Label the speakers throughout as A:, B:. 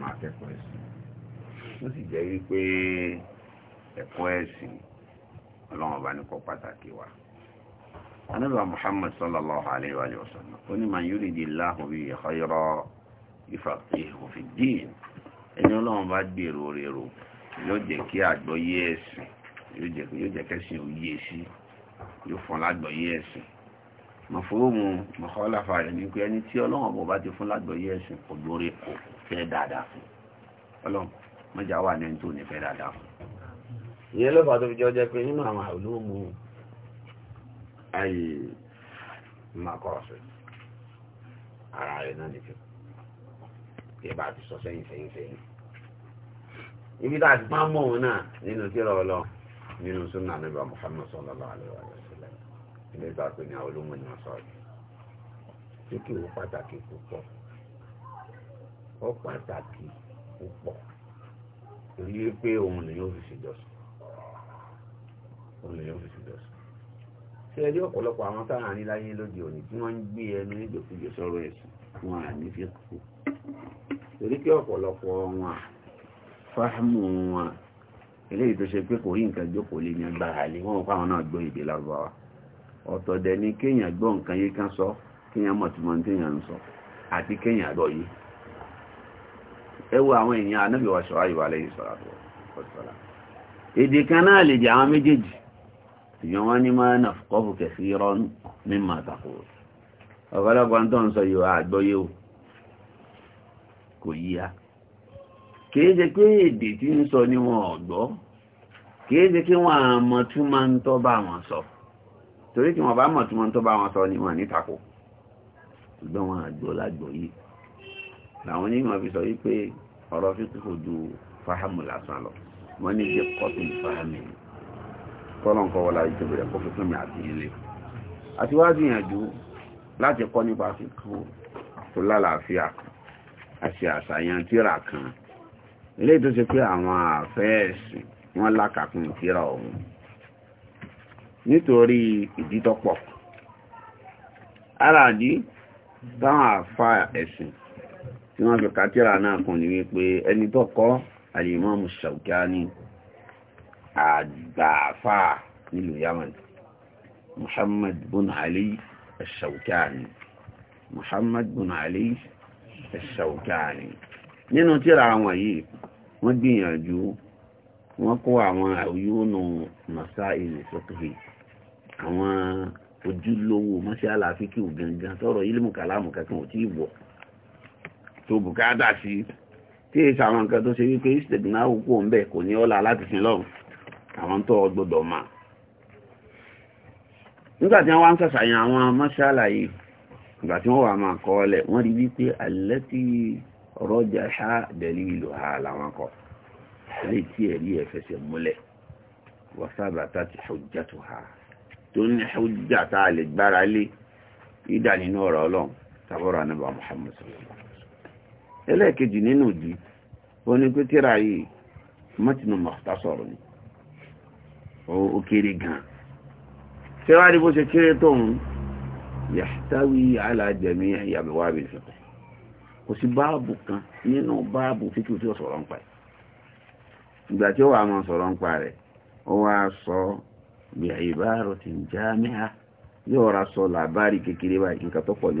A: máa akẹ́kọ̀ọ́ ẹ̀sìn ó sì jẹ́ wípé ẹ̀kọ́ ẹ̀sìn ọlọ́run ọba ní kọ́ pàtàkì wa anábà muhammad sallallahu alayhi wa sallam ó ní man yuridillahu bihi khayra yufaqqihhu fid-din ẹni ọlọ́run bá gbèrò rèrò yóò jẹ́ kí àgbọ́yé ẹ̀sìn yóò jẹ́ kẹ́sìn òye sí yóò fún lágbọ́yé ẹ̀sìn mọ̀fóòmù mọ̀kọ́láfà rẹ̀ ní pé ẹni tí ọlọ́run bọ̀ bá ti fún lágbọ́yé ẹ̀sìn kò lórí kò nífẹ̀ẹ́ dáadáa fún ọlọ́run mọ́jà wà ní ẹni tó nífẹ̀ẹ́ dáadáa fún ìyẹn ló fà tó fi jọ jẹ́ pé nínú àwọn àlóòmù ayé makọ́ọ̀sẹ̀ ara rẹ̀ náà nìkan kí bá ti sọ sẹ́yìn sẹ́yìn sẹ́yìn ibi tá a ti máa mọ̀ wọn náà nínú kíra ọlọ nínú súnà nígbà Muhammad sallallahu alaihi wa sallam ilé ìgbà pé ní àwọn olóòmù ni wọ́n sọ̀rọ̀ tí kì í pàtàkì púpọ̀ ó pàtàkì púpọ̀ torí pé òun lè yóò fi ṣèjọsìn òun lè yóò fi ṣèjọsìn ṣe ẹjọ́ ọ̀pọ̀lọpọ̀ àwọn táwọn aníláyé lóde òní tí wọ́n ń gbé ẹnu nígbòkúgbè sọ̀rọ̀ ẹ̀sìn wọn à ní fi kú torí pé ọ̀pọ̀lọpọ̀ wọn fáhámù wọn eléyìí tó ṣe pé kò rí nǹkan jókòó lé ní agbára lé wọn fáwọn náà gbọ́ ìdè lárúbáwá ọ̀tọ̀ dẹ̀ ni kéèyàn gbọ́ nǹkan yìí kan sọ kéèyàn mọ̀ tí ń sọ àti kéèyàn àgbọ̀ ẹ wo àwọn èèyàn anábì wa Ṣuaibu alayhi salatu wassalam èdè kan náà lè jẹ àwọn méjèèjì ṣùgbọ́n wọ́n ní máa nafqahu kathiran mimma taqul ọ̀pọ̀lọpọ̀ tó ń sọ yóò àgbọ́yé o kò yíya kìí ṣe pé èdè tí ń sọ ni wọn ò gbọ́ kìí ṣe kí wọ́n àmọ́ tún máa ń tọ́ bá wọn sọ torí tí wọ́n bá mọ̀ tún máa ń tọ́ bá wọn sọ ni wọ́n ní tako ṣùgbọ́n wọn àgbọ́ lágbọ́yé làwọn onímọ̀ fi sọ wípé ọ̀rọ̀ fi kò ju fáhámù lásán lọ wọ́n ní ṣe kọ́tù fáhámù tọ́lọ̀ nǹkan wọlá ìjọba rẹ̀ kó fi fún mi àti ilé àti wá gbìyànjú láti kọ́ nípa fíkú tó lálàáfíà àti àṣàyàn tíra kan ilé tó ṣe pé àwọn àfẹ́ẹ̀sì wọ́n lákàkún tíra ọ̀hún nítorí ìdítọ́pọ̀ ara àdí táwọn àfa ẹ̀sìn tí wọ́n fi kàtírà náà kùn ní wípé ẹni tó kọ́ Al-Imam Shawkani àgbàfà nílùú Yaman Muhammad bin Ali Shawkani Muhammad bin Ali Shawkani nínú tírà àwọn yìí wọ́n gbìyànjú wọ́n kó àwọn àwòyónú masá ilẹ̀ sọ́tọ̀fì àwọn ojúlówó mọ́ṣáláfíkì gangan tọ́rọ ilé mùkàlámù kankan ò tí ì wọ̀ tó bùkátà sí tí èsì àwọn nǹkan tó ṣe wípé istek náà kò ń bẹ̀ kò ní ọlá láti sin lọ́run àwọn tó gbọdọ̀ mà nígbà tí wọ́n wá ń ṣàṣàyàn àwọn mọ́ṣálà yìí ìgbà tí wọ́n wà máa kọ́ ọlẹ̀ wọ́n rí wípé alẹ́ tí rọ́jà ṣá dẹ̀lí ìlò ha làwọn kọ́ lè tí ẹ̀rí ẹ̀ fẹsẹ̀ múlẹ̀ wọ́sábàtà ti ṣọjà tó ha tó ní ṣọjà tá a lè gbára lé ìdá nínú ọ̀rọ̀ ọlọ́run tàbọ̀rọ̀ ànábà ẹlẹ́ẹ̀kejì nínú ìdí ó ní pé tíra yìí mọ́tìnú mọ̀tà sọ̀rọ̀ ni ó kéré gan ṣé wàá rí bó ṣe kéré tóun yàtàwí alájẹmí àyàbẹ̀wá àbí ìfẹ́ kò sí báàbù kan nínú báàbù fíkì tí ó sọ̀rọ̀ ń pa ẹ̀ ìgbà tí ó wà máa sọ̀rọ̀ ń pa rẹ̀ ó wá sọ bí àyè bá rọ̀ tí ń já mẹ́ha yóò sọ làbárí kékeré báyìí nǹkan tó pọ̀ ní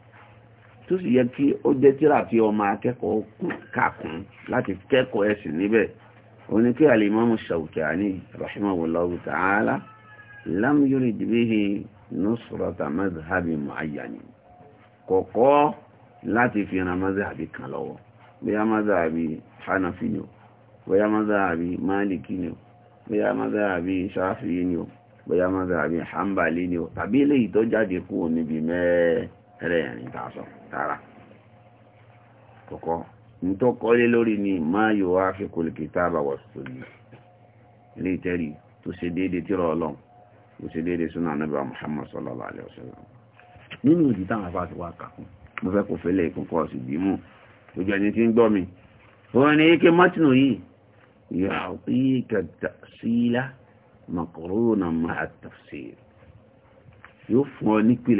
A: tó sì yẹ kí ó jẹ́ tíra tí ọmọ akẹ́kọ̀ọ́ kàkún láti kẹ́kọ̀ọ́ ẹ̀sìn níbẹ̀ òní kí alimami Shawkani rahimahullahu ta'ala lam yurid bihi nusrata mazhabi mu'ayyani kọ̀kọ́ láti fi ran mazhabi kan lọ́wọ́ bóyá mazhabi hanafi ni o bóyá mazhabi maliki ni o bóyá mazhabi shafi'i ni o bóyá mazhabi hanbali ni o tàbí eléyìí tó jáde kúrò níbi mẹ́ẹ̀ẹ́ ẹlẹ́yìn ní tààsọ̀ tààrà kọ̀kọ́ kọ́lé lórí ni máa yóò wá fi kòlìkì tábà wọ̀ sórí ilé ìtẹ́rí tó ṣe déédé tírà ọlọ́run tó ṣe déédé súnà Ànábì Muhammad sallallahu alaihi wasallam nínú ìdí táwọn afá ti wá mo fẹ́ kò fẹ́lẹ̀ ìkọ̀kọ́ sì bí mú ojú ẹni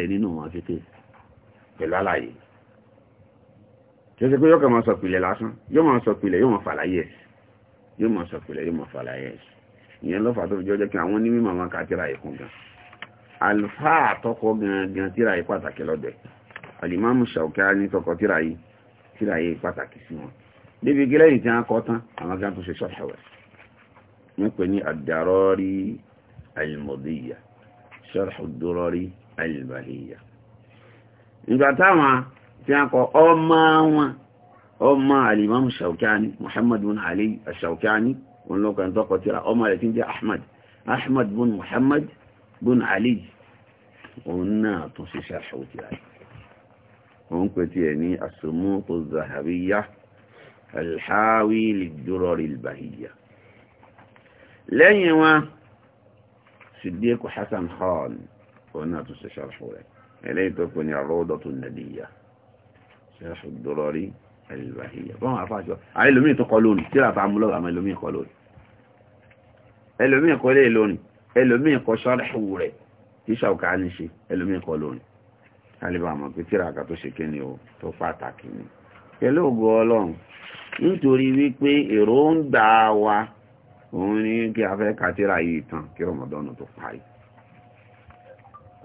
A: mi ike pẹ̀lú àlàyé tí ó ṣe pé yóò kàn máa sọ pìlẹ̀ lásán yóò máa sọ pìlẹ̀ yóò máa fàlàyé ẹ̀ yóò máa sọ pìlẹ̀ yóò máa fàlàyé ẹ̀ ìyẹn lọ́fà tó fi jọ́jọ́ kí àwọn onímọ̀ máa ka tíra ìkún gan àlùfáà àtọ́kọ gangan tíra yìí pàtàkì lọ́dẹ̀ àlìmáàmù Ṣàukání tọkọ tíra yìí tíra pàtàkì sí wọn débi gílẹ̀ yìí tí wọ́n kọ́ tán àwọn gan tó ṣe ṣọ́ṣọ́wẹ̀ wọ́n pè ní àdàrọ́rí àlìmọ̀díyà ṣọ́ṣọ́dúrọ́rí àlìbàlíyà ìgbà táwọn tí a kọ ọmọ wọn ọmọ alimam shaukani muhammad bin ali shaukani wọn lọ́kàn tọ́kọ tíra ọmọ rẹ̀ tí ń jẹ́ ahmad ahmad bin muhammad bin ali òun náà tún sí ṣàṣàwò tíra òun pẹ̀ tí ẹ̀ ní as-sumutu zahabiyya alhawi lidurari albahiyya lẹ́yìn wọn Siddiq Hassan Khan òun náà tún sí ṣàṣàwò rẹ̀ eléyìí tó pè ní àrọ́dọ̀tò nàdìyà ṣẹ́ṣù dọ́rọ́rí ẹlẹ́bàáyà wọ́n wà fáṣọ àwọn ẹlòmíì tó kọ lónìí tí ràtà mú lọ́wọ́ àwọn ẹlòmíì kọ lónìí ẹlòmíì kọ lé lónìí ẹlòmíì kọ ṣọ́rẹ́hù rẹ̀ tí ṣàwùká ní ṣe ẹlòmíì kọ lónìí kálíbà mọ̀ pé tí ràkà tó ṣe kéni o tó pàtàkì ni pẹ̀lú ògo ọlọ́run nítorí wípé èròǹgbà wa òun ní kí a fẹ́ kàtírà yìí tán kí rọmọdọ́nù tó parí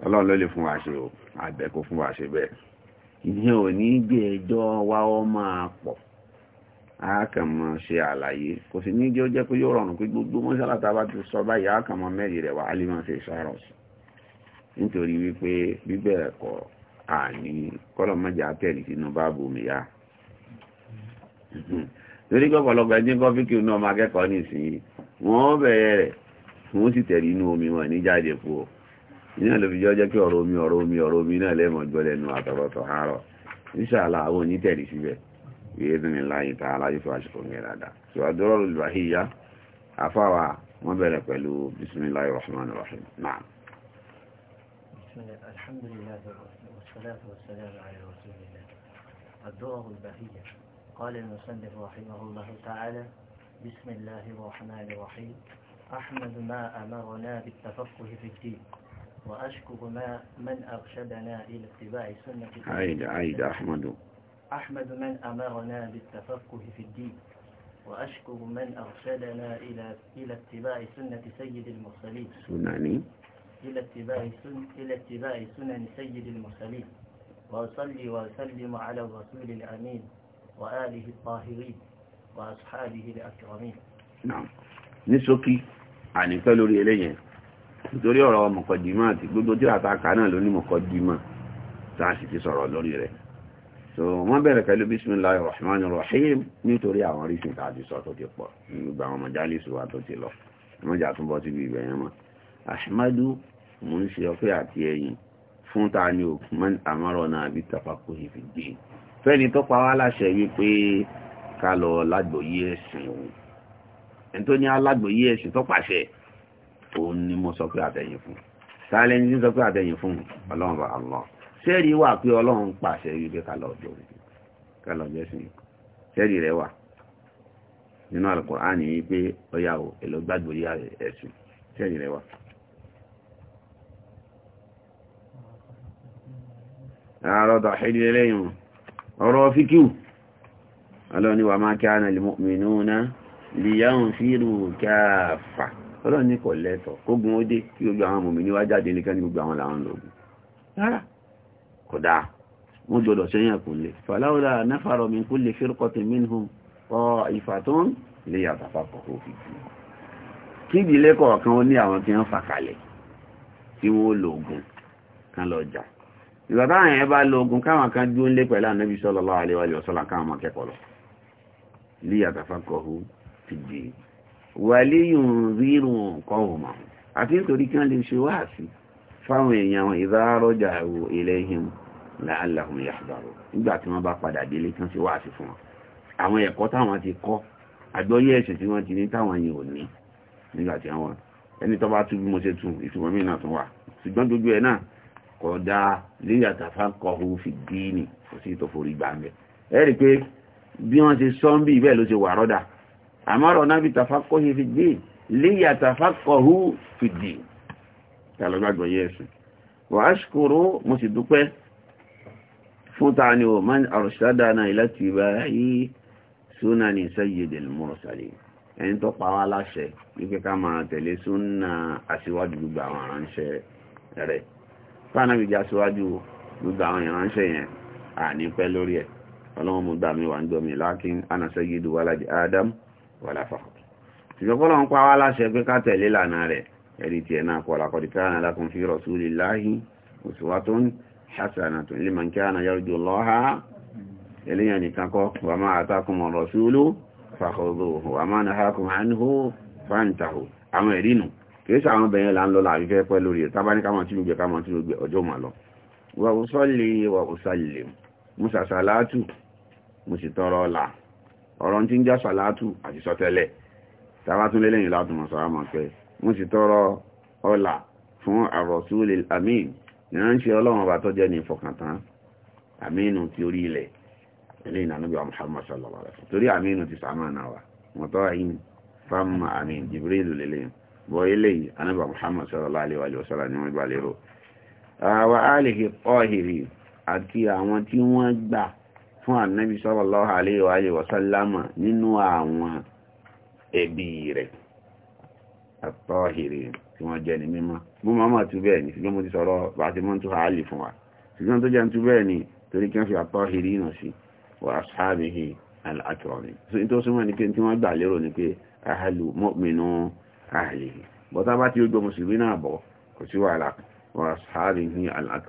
A: ọlọ́run ló lè fún wa ṣe o àbẹ̀kó fún wa ṣe bẹ́ẹ̀ ìyẹn ò ní gbé ẹjọ́ wa ọ máa pọ̀ a kàn mọ ṣe àlàyé kò sí ní jẹ́ ó jẹ́ pé yóò rọrùn pé gbogbo mọ́ṣálà tá a bá ti sọ báyìí a kàn mọ mẹ́rin rẹ̀ wá a lè máa ṣe ìṣàrọ̀ sí nítorí wípé bíbẹ̀ ẹ̀kọ́ àní kọ́lọ̀ mọ́jà tẹ̀lé sínú báàbù mi yá torí pé ọ̀pọ̀lọpọ̀ ẹni kọ́ fíkì náà máa kẹ́kọ̀ọ́ nísìnyí wọ́n bẹ̀rẹ̀ rẹ̀ wọ́n sì tẹ̀lé inú omi wọn ní jáde fún ọ iná ló fi jọ́jẹ́ kí ọ̀rọ̀ omi ọ̀rọ̀ omi ọ̀rọ̀ omi náà lẹ́mọ̀ gbọ́ lẹ́nu àtọ̀rọ̀tọ̀ àárọ̀ inshallah àwọn onítẹ̀rí síbẹ̀ ìyẹ́dùnmí láyé tá aláyé fún àṣìkò yẹn dáadáa síwájú ọ̀rọ̀ ìbáhíyá afáwa wọ́n bẹ̀rẹ̀ pẹ̀lú bismillahir rahmanir rahim naam.
B: alhamdulillah wassalatu wassalamu ala rasulillah الدعاء البهية قال المصنف رحمه الله تعالى بسم الله الرحمن الرحيم أحمد ما أمرنا بالتفقه في الدين وأشكر ما من أرشدنا إلى اتباع سنة عيد عيد أحمد أحمد من أمرنا بالتفقه في الدين وأشكر من أرشدنا إلى إلى اتباع سنة سيد المرسلين سنن إلى اتباع سن إلى اتباع سنن سيد المرسلين وأصلي وأسلم على الرسول الأمين وآله الطاهرين وأصحابه الأكرمين
A: نعم نسكي عن يعني قالوا إليه nítorí ọ̀rọ̀ mọ̀kọ̀dìmọ̀ àti gbogbo tí àtàkà náà ló ní mọ̀kọ̀dìmọ̀ tàà sì ti sọ̀rọ̀ lórí rẹ̀ so wọ́n bẹ̀rẹ̀ pẹ̀lú bismillahir rahmanir rahim nítorí àwọn rísìn tààdì sọ tó ti pọ̀ nígbà àwọn mọ̀jálìsù wa tó ti lọ mọ́jà tún bọ́ síbi ibẹ̀ yẹn mọ́ ahmadu mo ń ṣe ọpẹ́ àti ẹ̀yìn fún ta ni òkun àmọ́rọ̀ náà bí ní alágbòyé ẹ̀sìn tó pàṣẹ òun ni mo sọ pé àtẹ̀yìn fún tààlẹ́ ní sọ pé àtẹ̀yìn fún ọlọ́run bá Allah sẹ́ẹ̀rì wà pé ọlọ́run pàṣẹ wípé kálọ̀ ọjọ́ kálọ̀ ọjọ́ sí sẹ́ẹ̀rì rẹ̀ wà nínú Al-Qur'ani yìí pé ọyá o èlò gbàgbọ́ yá ẹ̀sùn sẹ́ẹ̀rì rẹ̀ wà. àárọ̀ tàhídì lẹ́yìn ọ̀rọ̀ fíkíù ọlọ́ni wà máa kana lil mu'minuna liyanfiru kaffa ọlọ́run ní kò lẹ́tọ̀ kógun ó dé kí gbogbo àwọn mòmí níwá jáde nìkan ní gbogbo àwọn làwọn lògùn rárá kò dáa wọ́n gbọ́dọ̀ sẹ́yìn àkùnlé fàlàwọ́lá náfàrọ̀ mi kú lè fírkọ́tì mínú ọ ìfà tó ń lè yàtọ̀ papọ̀ kò fi jù kí ìdílé kọ̀ọ̀kan ó ní àwọn tí wọ́n fà kalẹ̀ tí wọ́n lògùn kan lọ jà ìgbà táwọn yẹn bá lògùn káwọn kan dúró lé pẹ̀lú ànábì sallallahu alaihi wa sallam káwọn akẹ́kọ̀ọ́ lọ lè yàtọ̀ papọ̀ kò fi jù wàlé yìí rírun nǹkan ọ̀mọ̀ àti nítorí kí wọ́n lè ṣe wáàsí fáwọn èèyàn àwọn ìdárọ́jà ìwò ilẹ̀ ihim láàlàhùn yàgbàrò nígbà tí wọ́n bá padà délé kí wọ́n ṣe wáàsí fún wọn àwọn ẹ̀kọ́ táwọn ti kọ́ àgbọ́yé ẹ̀sìn tí wọ́n ti ní táwọn yìí ò ní nígbà tí wọ́n ẹni tó bá tún bí mo ṣe tún ìtumọ̀ mí náà tún wà ṣùgbọ́n gbogbo ẹ̀ náà kò dáa léyà tàfà fi dín ní kò sí ìtòforí gbàǹbẹ̀ ẹ rí i pé bí wọ́n ṣe sọ́ńbì bẹ́ẹ̀ ló ṣe wà rọ́dà amarona bi tafaqquhi fi ddin li yatafaqahu fi ddin kàlọ́gbàgbọ́ yẹ́sù wa ashkuru mo sì dúpẹ́ fún ta ni o man arshadana ila tibai sunani sayyidil mursalin ẹni tó pa wá láṣẹ wípé ká máa tẹ̀lé súnà aṣíwájú gbogbo àwọn ìránṣẹ́ rẹ̀ fáànàbí jẹ́ aṣíwájú gbogbo àwọn ìránṣẹ́ yẹn à ní pẹ́ lórí ẹ̀ ọlọ́run mú gbà wà ń gbọ́ mi lákín ana sayyidu walad adam wàlá fàkọ̀ ṣùgbọ́n kọ́lọ̀ ń pa wá láṣẹ pé ká tẹ̀lé lànà rẹ̀ ẹ̀rí tiẹ̀ náà kọ́ la kọ́dí káàna lakum fi rasulillahi uswatun hasanatun liman kana yarjullaha eléyàn nìkan kọ́ wà máa atakum ar-rasulu fakhudhuhu wà máa nahakum anhu fantahu àwọn ẹ̀rí nù kìí ṣe bẹ̀yẹn là ń pẹ́ lórí ẹ̀ tábá ní káwọn tí ó gbé káwọn tí ó gbé ọjọ́ mà lọ wà ó sọ́lé wà ó sálè mo ṣàṣàlátù sì tọrọ ọ̀la ọ̀rọ̀ tí ń já sàlátù àti sọtẹ́lẹ̀ tàbá tún lélẹ́yìn látùmọ̀ sàrámà pé wọ́n sì tọrọ ọlà fún àrọ̀súlè amin Ni wọ́n ń ṣe ọlọ́run ọba tó jẹ́ ní ìfọkàntán aminu ti orí ilẹ̀ eléyìn ànúbíwá muhammad sallallahu alaihi torí aminu ti sàmà náà wà wọ́n tọ́ ayin fáàmà amin jibril lélẹ́yìn bọ́ eléyìn ànúbíwá muhammad sallallahu alaihi wasallam ni wọ́n gbà lérò àwọn àlèkè ọ̀hìrì àti àwọn tí fún ànábì sallallahu alayhi wa sallama nínú àwọn ẹbí rẹ̀ àtọ́hìrì tí wọ́n jẹ́ ní mímọ́ mú mọ́mọ́ tú bẹ́ẹ̀ ni ṣùgbọ́n mo ti sọ̀rọ̀ bá ti mọ́ntú àálì fún wa ṣùgbọ́n tó jẹ́ tú bẹ́ẹ̀ ni torí kí wọ́n fi àtọ́hìrì náà sí wà sáàbìhì alákìrọ̀ni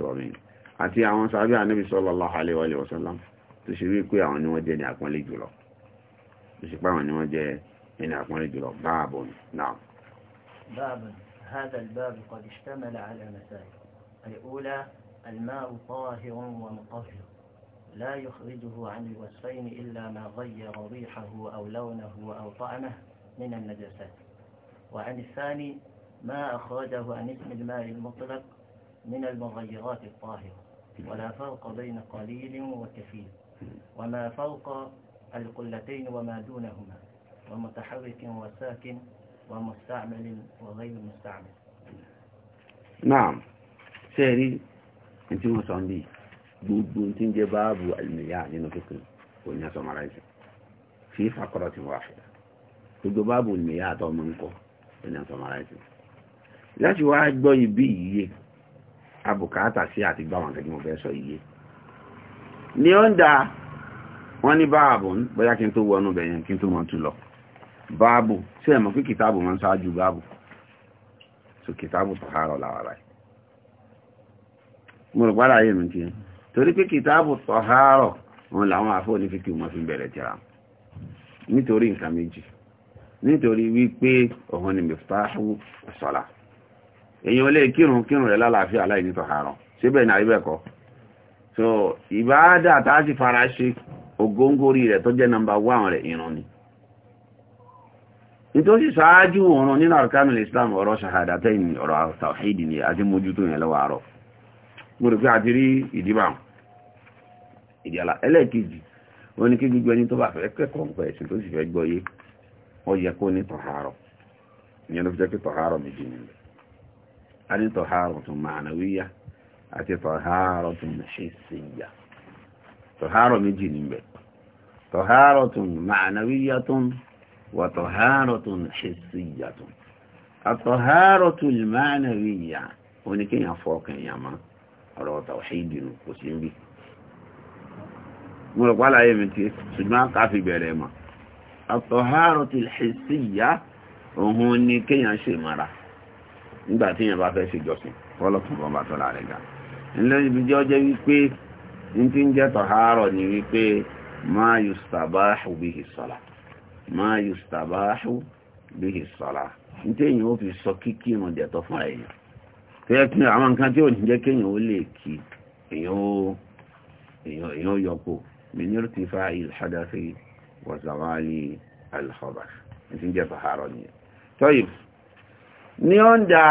A: so ní àti àwọn sàbí ànábì sallallahu alayhi wa sallam tó ṣe wí pé àwọn ni wọ́n jẹ́ ní àpọ́nlé jùlọ tó ṣe pé àwọn ni wọ́n jẹ́ ní àpọ́nlé jùlọ báàbọ̀
B: náà. هذا الباب قد اشتمل على مسائل الأولى الماء طاهر ومطهر لا يخرجه عن الوصفين إلا ما غير ريحه أو لونه أو طعمه من النجاسات وعن الثاني ما أخرجه عن اسم الماء المطلق من المغيرات الطاهرة ولا فرق بين قليل وكثير وما فوق القلتين وما دونهما ومتحرك وساكن ومستعمل وغير مستعمل
A: نعم سيري انت مصعم بي بود بنتين جباب والمياه لنفكر والناس ومعرفة في فقرة واحدة باب والمياه طومنكو والناس ومعرفة لا شيء واحد بي أبو كاتا سيأتي بابا كي مبيسو إيه ni ó ń da wọ́n ní báàbù bóyá kí n tó wọnú bẹ̀yẹn kí n tó mọ̀ tún lọ báàbù ẹ̀mọ̀ kìtàbù báàbù so kìtàbù tọ̀hárọ̀ làwàrà mo rò mi torí pé kìtàbù wọn làwọn àfọ́ ní fíkì wọn fi bẹ̀rẹ̀ tìra nítorí nǹkan méjì nítorí wípé ọ̀hún ni mẹ́fàáhù sọ́la èèyàn lè kírun kírun rẹ̀ lálàáfíà láì ní síbẹ̀ ní àríbẹ̀kọ́ so ìbáádà tààtì fara ṣe ògóngórí rẹ̀ tó dị nọmbà wáwọn rẹ̀ ìran ni nítorí ṣáájú òun nínú arkanul islam ọ̀rọ̀ ṣahadatayn ọ̀rọ̀ tawhid ni àti mójútó yẹn lọ́wọ́ àárọ̀ mo rò pé idiba rí ìdíbà ìdíàlà ẹlẹ́ẹ̀kejì ó ní kí gbogbo ẹni tó bá fẹ́ kẹ́kọ̀ọ́ nǹkan ẹ̀sìn tó sì fẹ́ gbọ́ yé wọ́n yẹ a àti tọ̀hárọ̀ tún ṣíṣíyà tọ̀hárọ̀ méjì níbẹ̀ tọ̀hárọ̀ tún ma'anawíyà tún wà tọ̀hárọ̀ tún ṣíṣíyà tún àtọ̀hárọ̀ tún ma'anawíyà oníkéyàn yàmá ọ̀rọ̀ tàwàṣídìnù kò sí ń bí mo ni ṣe mara bá fẹ́ lórí ibi jẹ́ ọjọ́ wípé ní tí ń jẹ́ tọ̀hárọ̀ ni wípé máa yustabahu bihi sọ́la máa yustabahu bihi sọ́la ní tí èyàn ó fi sọ kíkí ìrùn jẹ̀tọ̀ fún èyàn tó yẹ kí àwọn nǹkan tí ò ní jẹ́ kéèyàn ó lè kí èyàn ó yọpo mìíràn ti fa ìlhadafi wàzàwálì alhabar ní tí ń jẹ́ tọ̀hárọ̀ nìyẹn tọ́yìn ní ọ́n da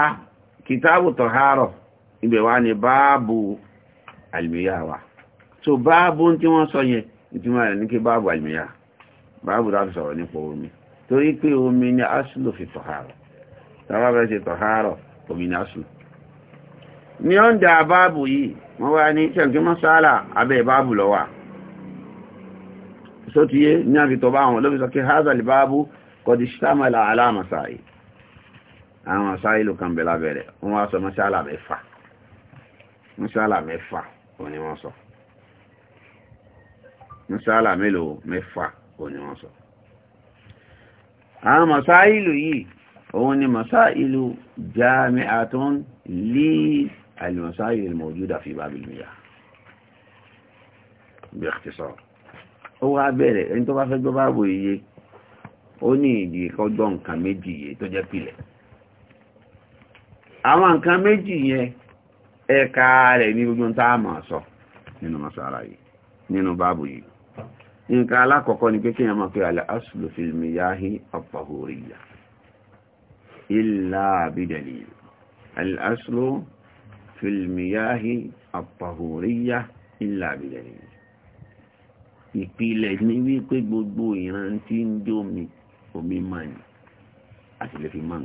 A: kìtàbù tọ̀hárọ̀ ibẹ̀ wá ní báàbù àlùmíyà wa so báàbù tí wọ́n sọ yẹn ìtumọ̀ rẹ̀ ní kí báàbù àlùmíyà báàbù láti sọ̀rọ̀ nípa omi torí pé omi ni asùlù fi tọ̀hárọ̀ tàbá bẹ́ẹ̀ ṣe tọ̀hárọ̀ omi ni asùlù ní ọ̀ndà báàbù yìí wọ́n wá ní ṣẹ̀ǹkí mọ́sálà abẹ́ báàbù lọ́wà sótíyé ní àfitọ̀ bá wọn lóbi sọ kí hazal báàbù kọ̀dí sítámàlà aláàmàsáyì àwọn àsáyì ló kàn bẹ̀lá bẹ̀rẹ̀ wọ́n wá sọ mọ́sálà mẹ́fà mọ́ṣálà mẹ́fà òun ni wọ́n sọ mọ́ṣálà mélòó mẹ́fà òun ni wọ́n sọ àwọn masáìlú yìí òun ni masáìlú jami'atun li al-masáìlú al-mawjuda fi babil miyah bí ikhtisar ó wá bẹ̀rẹ̀ ẹni tó bá fẹ́ gbọ́ báàbò iye ó ní ìdí kọjọ́ nǹkan méjì yẹ tó jẹ́ pìlẹ̀ àwọn nǹkan méjì yẹn ẹ̀ka rẹ̀ ní gbogbo tá máa sọ nínú masara yìí nínú báàbù yìí nǹkan alákọ̀ọ́kọ́ ni pé kí ẹ̀yàn máa pé alẹ́ asùlù fi mi yá hí ọ̀pọ̀hóríyà ilá àbídẹ̀lì alẹ́ asùlù fi mi yá hí ọ̀pọ̀hóríyà ilá àbídẹ̀lì ìpìlẹ̀ ní wípé gbogbo ìran ń jó mi omi máa ní àti lè fi máa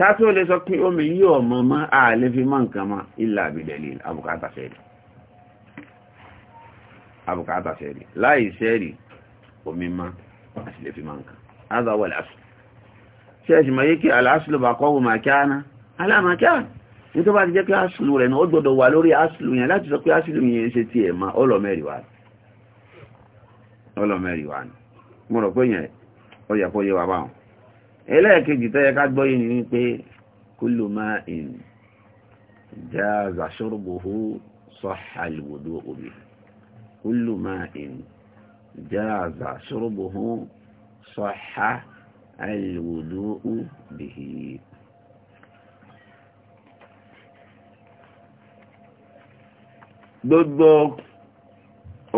A: tátí ó lè sọ pé omi yí ọmọ mọ́ ààlé fi mọ́ nǹkan mọ́ ilà àbìdẹ̀lì àbùkátà sẹ́rì àbùkátà sẹ́rì láì sẹ́rì omi mọ́ àti lè fi mọ́ nǹkan adáwọ̀ lásù ṣẹ́ẹ̀sì mọ̀ yé kí aláṣùlù bá kọ́ wò màkíánà aláàmàkíánà ní tó bá ti jẹ́ pé aṣùlù rẹ̀ náà ó gbọ́dọ̀ wà lórí aṣùlù yẹn láti sọ pé aṣùlù yẹn ṣe tiẹ̀ mọ́ ọlọ́mẹ́rì wà ọlọ́mẹ́rì wà ní mo pé yẹn ó yẹ kó yé wa báwọn ẹlẹ́ẹ̀kejì tó yẹ ká gbọ́ yìí ni pé kullu ma'in jaza shurbuhu sahha al-wudu'u bihi kullu ma'in jaza shurbuhu sahha al-wudu'u bihi gbogbo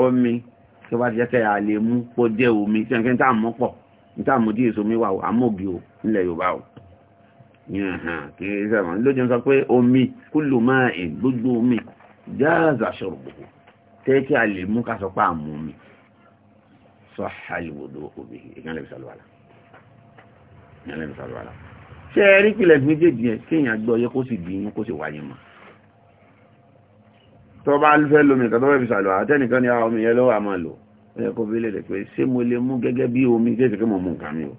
A: omi tó bá jẹ́ kẹ́ lè mú kó jẹ́ omi tí wọ́n kí ń tà mọ́ pọ̀ níta àmúdí èso mi wà ó àmógi ó nílẹ̀ yorùbá ó kìí sẹ́wọ̀n lójú sọ pé omi kúlù máa ẹ̀ gbogbo omi jáàzà ṣọ̀rọ̀ gbogbo tẹ́kí a lè mú ká sọ pé àmú omi sọ àlìwòdó òbí ìyàn lẹ́bi sàlùwàlà ìyàn lẹ́bi sàlùwàlà ṣé ẹ rí pìlẹ̀ méjèèjì yẹn kéèyàn gbọ́ yẹ kó sì bí yín kó sì wáyé mọ́ tó bá fẹ́ lómi kan tó fẹ́ fi sàlùwàlà tẹ́nìkan ni àwọn ah, omi yẹn lọ́wọ́ àmọ́ lò ẹ kò bí lèrè pé ṣé mo lè mú gẹ́gẹ́ bí omi gẹ́gẹ́ kí mo mú nǹkan mi o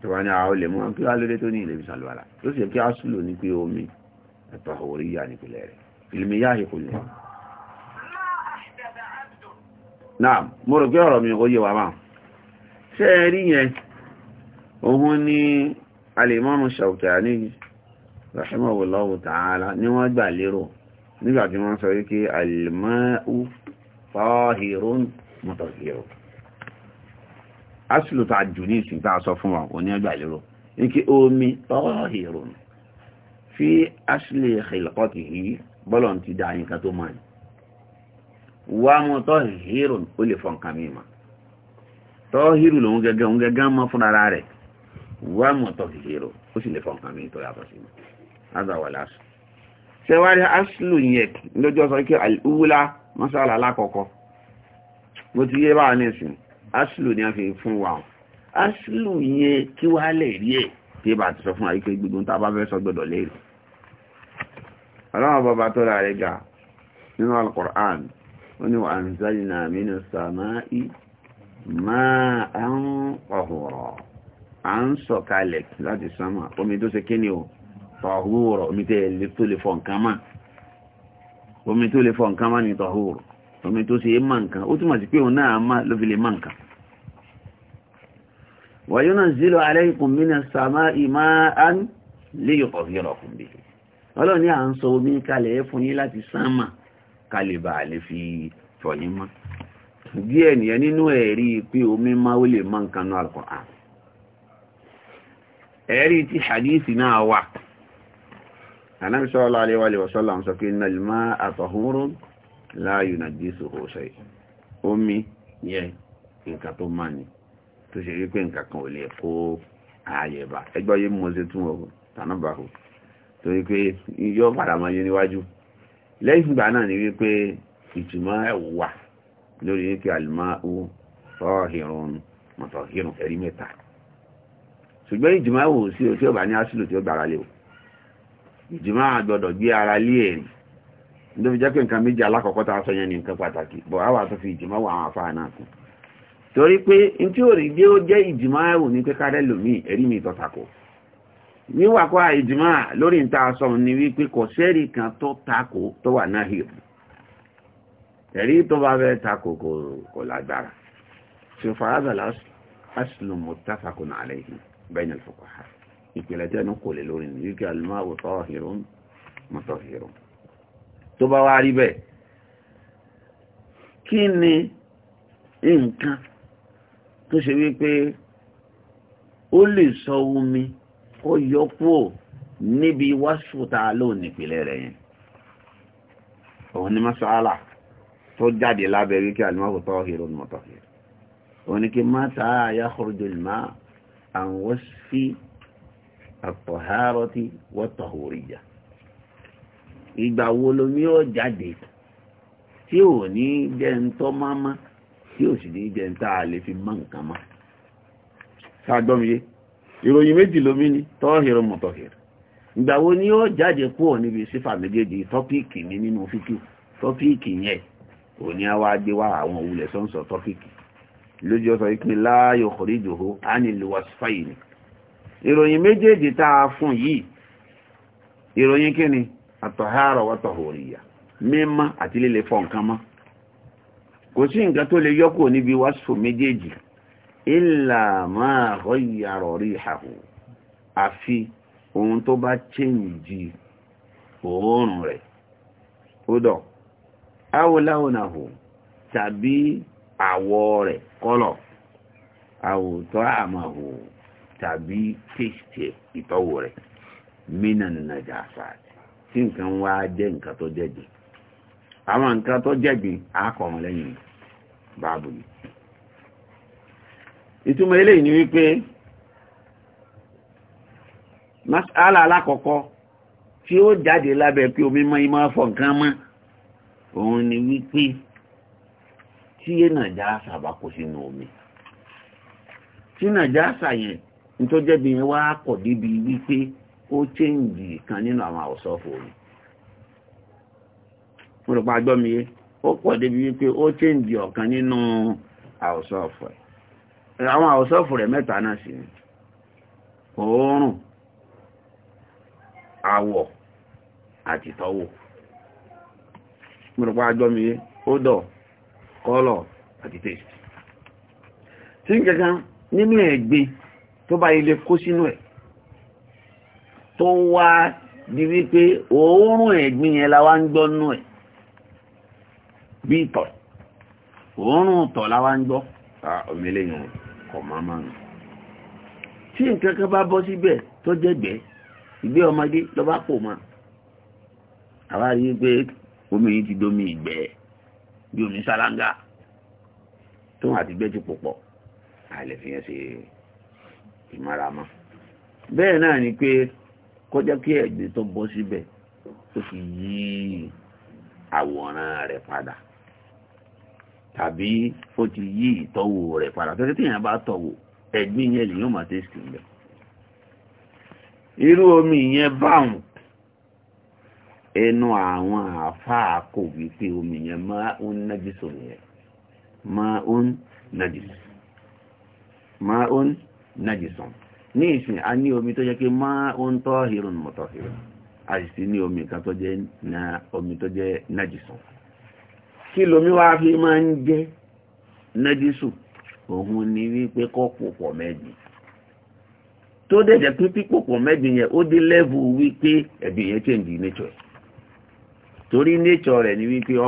A: tí wọ́n ní àwọn olè mú wọn kí wọ́n lóde tó ní ilé ìbísàn lọ́la ló sì kí a sùn ní pé omi ẹ̀tọ́ orí yà nípìnlẹ̀ rẹ̀ ìlúmi yá àṣẹ lè. náà mo rò pé ọ̀rọ̀ mi ò yé wa máa ṣé ẹ rí yẹn òun ni alimọ́mù Ṣawkani rahimahullahu ta'ala ni wọ́n gbà lérò nígbà tí wọ́n sọ wípé alimọ́mù fọ́hìrún mọ́tọ̀hìrún asìlò tó àjò ní ìsìn tàà sọ fún wa òní ẹgbà lérò ní kí omi fọ́hìrún fi asìlè ìkìlọ̀kọ́tì yìí bọ́lọ̀ ti dá yínká tó máa ní wà mọ́tọ̀hìrún ó lè fọ́n kàmí ma tọ́hìrù lòun gẹ́gẹ́ òun gẹ́gẹ́ mọ́ fún ara rẹ̀ wà mọ́tọ̀hìrún ó sì lè fọ́n kàmí tó yàtọ̀ sí mi mọ́sálà alákọ̀ọ́kọ́ bó ti yé báwa nísìn aṣílù ni a fi fún wa aṣílù yẹn kí wá lè rí ẹ̀ tí bá ti sọ fún àyíké gbogbo tá a bá fẹ́ sọ gbọ́dọ̀ léèrè ọlọ́run bàbá tó rà rẹ̀ ga nínú alukur'an ó ní wà ń sáré náà mínú sàmáì máa ń ọ̀hùrọ̀ à ń sọ̀kalẹ̀ láti sánmà omi tó ṣe kíni o ọ̀hùrọ̀ omi tó lè fọ nǹkan máa omi tó lè fọ nǹkan má ní tọ̀húrù omi tó ṣe é má nǹkan ó túmọ̀ sí pé òun náà má ló fi lè má nǹkan. wa yunazzilu alaykum minas samaa'i ma'an liyutahhirakum bihi ọlọ́run ní à ń sọ omi kalẹ̀ fún yín láti sánmà kalẹ̀ bá lè fi fọ̀ yín mọ́ díẹ̀ nìyẹn nínú ẹ̀rí pé omi má ó lè má nǹkan nú al ẹ̀rí ti hadisi náà wà ànábì sallallahu alaihi wa sallam ń sọ pé innal ma'a tahurun la yunajjisuhu shay omi yẹ nǹkan tó máa ní tó ṣe rí pé nǹkan kan ò lè kó ààyè bá ẹgbọ́ yìí mọ́ sí tún ọ̀hún tànábàkù torí pé yóò padà máa yé níwájú lẹ́yìn ìgbà náà ni wípé ìtumọ̀ ẹ̀wà lórí wípé àlùmáwò tọ́hìrún mọ̀tọ̀hìrún ẹ̀rí mẹ́ta ṣùgbọ́n ìtumọ̀ ẹ̀wò sí o tí ó bá ní asìlù tí ó gbára lé o jùmọ́ àgbọ̀dọ̀ gbé ara lé ẹ̀rì ló fi alakọkọta nǹkan méjì alákọ̀ọ́kọ́ tá ní nǹkan pàtàkì bọ̀ fi ìjìmọ́ wà àwọn àfáà náà kù torí pé n tí ò rí gbé ó jẹ́ ìjìmọ́ ẹ̀wò ní pé kárẹ́ lòmíì ẹ̀rí mi tọ́takò níwàkọ́ ìjìmọ́ lórí ń ta ni wípé kò sẹ́ẹ̀rì kan tó takò tó wà náà ẹ̀rí tó bá fẹ́ kò lágbára tàfàkùn àlẹ́ yìí ìpìlẹ̀ tẹ́nu kò lè lórí ní wíkẹ́ alìmáwò tọ́hìrún mọ́tọ̀hìrún tó bá wá rí bẹ́ẹ̀ kí ni nǹkan tó ṣe wípé ó lè sọ omi kó yọ kúrò níbi wáṣùtà lónìí ìpìlẹ̀ rẹ̀ yẹn òun ni masala tó jáde lábẹ́ wíkẹ́ alìmáwò tọ́hìrún mọ́tọ̀hìrún òun ni kí mátà yá kúrò jùlọ máa àwọn wọ́sí àtọ̀hárọ́tì wọ́tọ̀hóríyà ìgbà wo lomi ó jáde tí ò ní jẹ́ ń tọ́ máma tí ò sì ní jẹ́ ń tá a lè fi mọ́ nǹkan mọ́ sáàgbọ́mìye ìròyìn méjì lomi ni tọ́hìrò mọ̀tọ̀hìrò ìgbà wo ni ó jáde kúrò níbi sífà méjèèjì tọ́píìkì ní nínú fíkì tọ́píìkì yẹn ò ní a gbé wá àwọn òwúlẹ̀ sọ́nsọ̀ tọ́píìkì lójú ọ̀sọ̀ ìpínlẹ̀ láàyò kòríjòhó á nílùú nìkan ìròyìn méjèèjì tá fún yìí ìròyìn kí ni àtọ̀hárọ̀ wọ́tọ̀hòrìyà mímọ́ àti líle fọ nǹkan mọ́ kò sí nǹkan tó lè yọkù níbi wáṣọ méjèèjì ìlà máa rọ́yàrọ̀ rí ìhàhù àfi ohun tó bá chẹ́ǹjì òórùn rẹ̀ ó tàbí àwọ̀ rẹ̀ kọ́lọ̀ tàbí tèṣtì ìtọ́wò rẹ̀ minan najasat tí nǹkan wá jẹ́ nǹkan tó jẹ́gbin àwọn nǹkan tó jẹ́gbin àákọ̀wọ̀n lẹ́yìn báàbù yìí ìtumọ̀ eléyìí ni wípé mas'ala alákọ̀ọ́kọ́ tí ó jáde lábẹ́ pé omi mọ́ imọ́ fọ̀ nǹkan mọ́ òun ni wípé tí nàjásà bá kó sínú omi tí nàjásà yẹn nítọ́jẹ́bi yẹn wá kọ̀ débi wípé ó chéǹjì kan nínú àwọn àwòsọ́fò rẹ̀ mo rò pa gbọ́ mi ó kọ̀ débi wípé ó chéǹjì ọ̀kan nínú àwòsọ́fò rẹ̀ àwọn àwòsọ́fò rẹ̀ mẹ́ta náà sì ni òórùn àwọ̀ àti tọ́wò mo rò pa gbọ́ mi yé ó àti tèsì tí kan nínú ẹ̀gbin tó bá ilé kó sínú ẹ̀ tó wá di wípé òórùn ẹ̀gbin yẹn la wá ń gbọ́ nú ẹ̀ bí ìtọ̀ òórùn tọ̀ la wá ń gbọ́ omi eléyìn kọ̀ máa máa nù tí nǹkan kan bá bọ́ síbẹ̀ tó jẹ́gbẹ́ ìgbé ọmọdé lọ bá pò mọ́ àwa rí i pé omi yìí ti domi ìgbẹ́ bí omi ṣáláńgá tóun àti gbẹ́ ti pò pọ̀ àlẹ́ fi yẹn ṣe é. ìmáramá bẹ́ẹ̀ náà ni pé kọjá kí ẹ̀gbẹ́ tó bọ́ síbẹ̀ tó fi yí àwòrán rẹ̀ padà tàbí ó ti yí ìtọ́wò rẹ̀ padà tó tí èèyàn bá tọ̀wò ẹ̀gbín yẹn lè yóò máa tẹ́sítì irú omi yẹn ẹnu àwọn kò omi yẹn máa ń máa ń máa ń najisun ní ìsìn a ní omi tó jẹ́ kí a sì ní omi kan tó jẹ́ na omi tó jẹ́ najisun kí lomi wá fi máa ń jẹ́ ni wípé kọ́ pòpọ̀ mẹ́jì tó dẹ̀jẹ̀ pé pípòpọ̀ mẹ́jì yẹn ó dé lẹ́bù wípé ẹ̀bí yẹn nature torí nature rẹ̀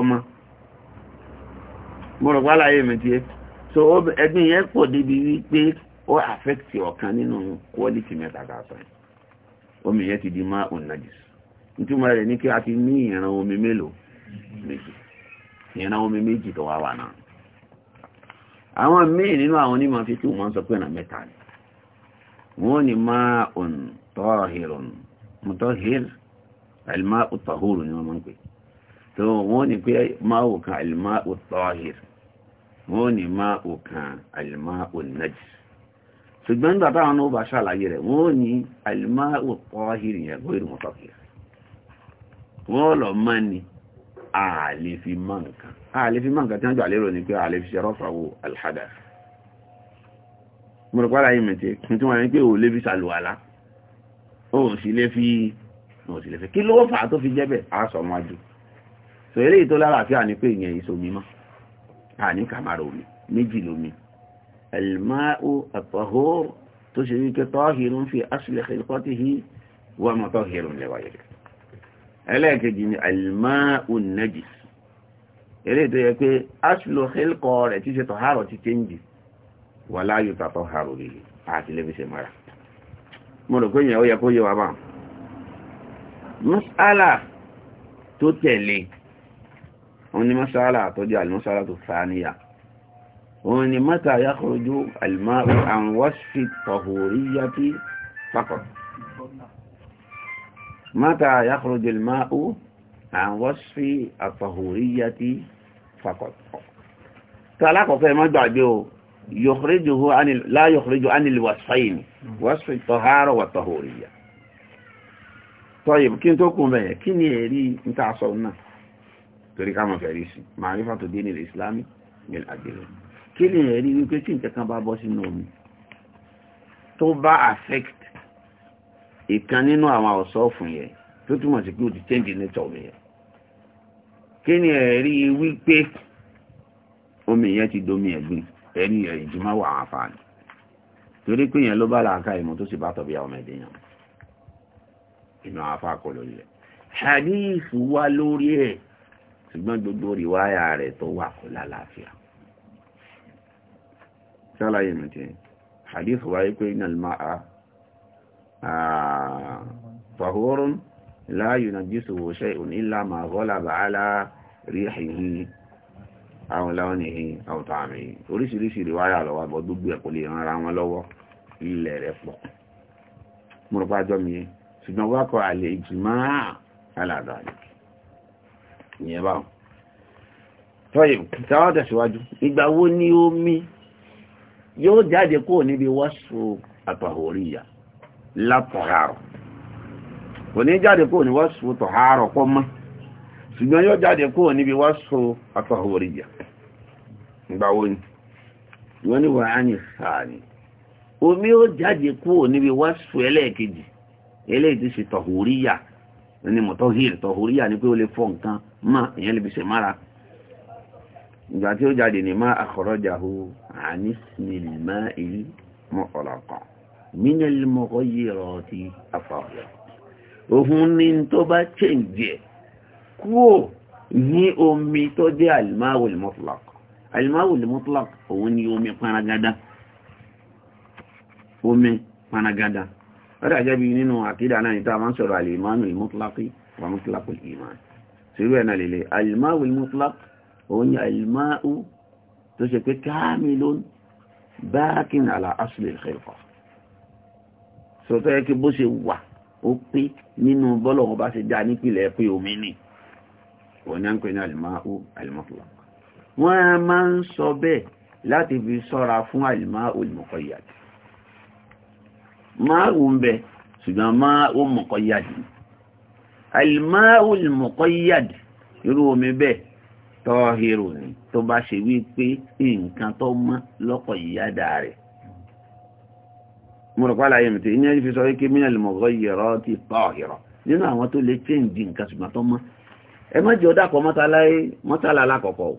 A: ó àfẹ́kìtì ọ̀kan nínú quality mẹ́ta kàtọ́ omi di má onajis nítumọ̀ rẹ̀ ní kí a ti ní ìran omi mélòó méjì ìran omi méjì tó wá wà náà àwọn míì nínú àwọn onímọ̀ fi tí sọ pé ọ̀nà mẹ́ta ni wọ́n on tọ́hìrùn mọ́tọ́hìr àìlmá òtọ́hùrù ni wọ́n máa ń pè tó wọ́n pé òkan ṣùgbọ́n nígbà táwọn náà bá ṣàlàyé rẹ̀ wọ́n ní alimáwò pọ́hìrì yẹn gbé ìrùn ọ̀tọ̀kì wọ́n lọ mọ́ ni ààlè fi mọ́ nǹkan ààlè fi mọ́ nǹkan tí wọ́n gbà lérò ní pé ààlè fi ṣe rọ́fàwò alhada mo rò pàdà yìí mẹ́tẹ́ tí wọ́n ní pé ò lè fi ṣàlùwàlá ó sì lè fi ó sì lè fi kí ló fà á tó fi jẹ́ bẹ́ẹ̀ á sọ sọ eléyìí tó lálàáfíà ni pé ìyẹn ìsomi mọ́ àní kàmárò alma'u at-tahur tó ṣe wípé tahirun fi asli khilqatihi wa mutahhirun li ghayrihi ẹlẹ́ẹ̀kejì ni alma'u an-najis eré tó yẹ pé aslu khilqa rẹ̀ tí ṣe tọ̀hárọ̀ ti kéńjì wà láàyò tàtọ̀ hàrò rèé àti lébíṣẹ́ mara mo rò pé yẹn ó yẹ kó yé wa bá mas'ala tó tẹ̀lé òun ni mas'ala tó di al-mas'ala tó sáníyà òun ni mata yakhruju al-ma'u an wasfi tahuriyyati faqat mata yakhruju al-ma'u an wasfi at-tahuriyyati faqat tàlákọ̀ọ́fẹ́ ẹ má gbàgbé o yọ̀kùrẹ́jùhú la yọ̀kùrẹ́jù anil wasfaini wasfi at-tahara wa at-tahuriyya kí lè rí wípé tí nǹkan kan bá bọ́ sínú omi tó bá affect ìkan nínú àwọn ọ̀sọ́ọ̀fù yẹn tó túmọ̀ sí pé ó ti change nature omi yẹn kí ni ẹ̀rí wípé omi yẹn ti domi ẹ̀gbin ẹni ìjìmọ̀ wà wọn àfààní torí pé yẹn ló bá làákà ìmọ̀ tó sì bá tọ̀bí àwọn ẹ̀dẹ̀ yẹn inú àfa kọ lórí rẹ̀ hadith wá lórí ẹ̀ ṣùgbọ́n gbogbo rìwáyà rẹ̀ tó wà kò lálàáfíà sálàyé mẹ́tẹ́ hadith wáyé pé iná máa fahorun láàyò na jísù wòṣẹ́ onílà máa gọ́lá bàálà rí àìyí àwọn láwọn ní àwọ̀tọ̀ àmì oríṣiríṣi ríwáyà lọ́wọ́ bọ́ gbogbo ẹ̀kọ́ lè ran ara wọn lọ́wọ́ ilẹ̀ rẹ̀ pọ̀ múrùpá jọmi ṣùgbọ́n wákọ̀ àlè ìjìmá aládàáyé ìyẹn tọ́yìn táwọn tẹ̀síwájú ìgbà wo ni omi yóò jáde kó níbi wọ́sù àtọ̀hóríyà látọ̀hárọ̀ kò ní jáde kó ní wọ́sù tọ̀hárọ̀ kọ́ mọ́ ṣùgbọ́n yóò jáde kó níbi wọ́sù àtọ̀hóríyà ni wọ́n á ní sáàni omi ó jáde kó níbi ti ṣe ni ìgbà tí ó jáde ní máa àkọ̀rọ̀jàhù àníṣìlìmá ìlú mọ́kànlọ́kàn mínẹ́lì mọ́kọ́ yìí rọ̀ ti afọ́rọ̀ òhun ni tó bá chẹ́ǹjì ẹ̀ kúò ní omi tó jẹ́ alimáwòlì mọ́tlọ́k alimáwòlì mọ́tlọ́k òun ni omi panagada omi panagada ó dàjẹ́ bí nínú àkídà náà níta òun ni àìmáú tó ṣe pé káàmìlón báákìn àlà asìlẹ̀ ìfẹ́fà so tó yẹ kí bó ṣe wà ó pé nínú bọ́lọ̀wọ́ bá ṣe dá nípìnlẹ̀ pé omi ni òun ni a ń pè ní àìmáú àìmọ́fìlà wọ́n a máa ń sọ bẹ́ẹ̀ láti fi sọ́ra fún àìmáú ìmọ̀kọ̀yàdì máa ń bẹ ṣùgbọ́n máa ń mọ̀kọ̀yàdì àìmáú ìmọ̀kọ̀yàdì irú omi bẹ́ẹ̀ tọ́hírù ni tó bá ṣe wí pé nǹkan tó mọ́ lọ́pọ̀ ìyáda rẹ̀ mo rò pàlà fi sọ wípé ti tọ́hírọ̀ nínú àwọn tó lè chẹ́ǹdì nǹkan ṣùgbọ́n tó mọ́ ẹ má jẹ́ mọ́tàlá alákọ̀ọ́kọ́ o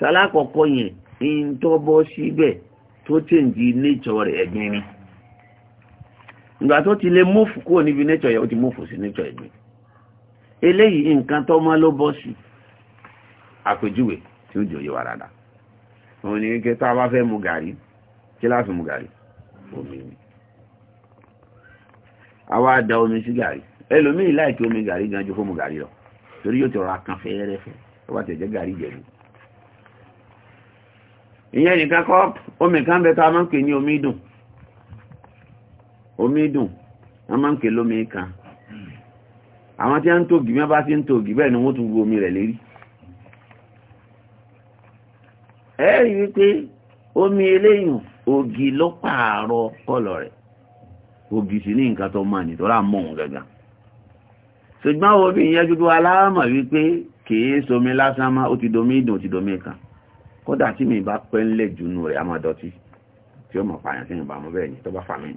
A: tàlá àkọ́kọ́ yẹn ń tọ́ síbẹ̀ tó rẹ̀ ni ìgbà tó ti àpèjúwe tí ó jòyè wà dáadáa òun ni wípé tá a bá fẹ́ mu gàrí kí láti mu gàrí omi ni a wá da omi sí gàrí ẹlòmíì láìkí omi gàrí gan ju fún mu gàrí lọ torí yóò ti rọra kan fẹ́ẹ́rẹ́fẹ́ ó bá tẹ̀jẹ́ gàrí jẹ̀bi ìyẹn nìkan kọ́ omi kan bẹ tá a máa ń pè ní omi dùn omi dùn wọ́n máa ń pè lómi kan àwọn tí wọ́n ń tògì bí wọ́n bá ti ń tògì bẹ́ẹ̀ ni wọ́n tún ru omi rẹ̀ lérí ẹ rí wípé omi eléyìn ògì ló pààrọ̀ kọ́lọ̀ rẹ̀ ògì sí ní nǹkan tó máa nìtọ́ra mọ̀ òun gangan ṣùgbọ́n omi ìyẹn dúdú aláàmọ̀ wípé kìí somi lásán ó ti domi ìdùn ti domi kan kódà tí mi bá pẹ́ ńlẹ̀ jùnú rẹ̀ amọ̀dọ̀tí tí ó mọ̀ pààyàn sí ìbámu bẹ́ẹ̀ ni tó bá fà mí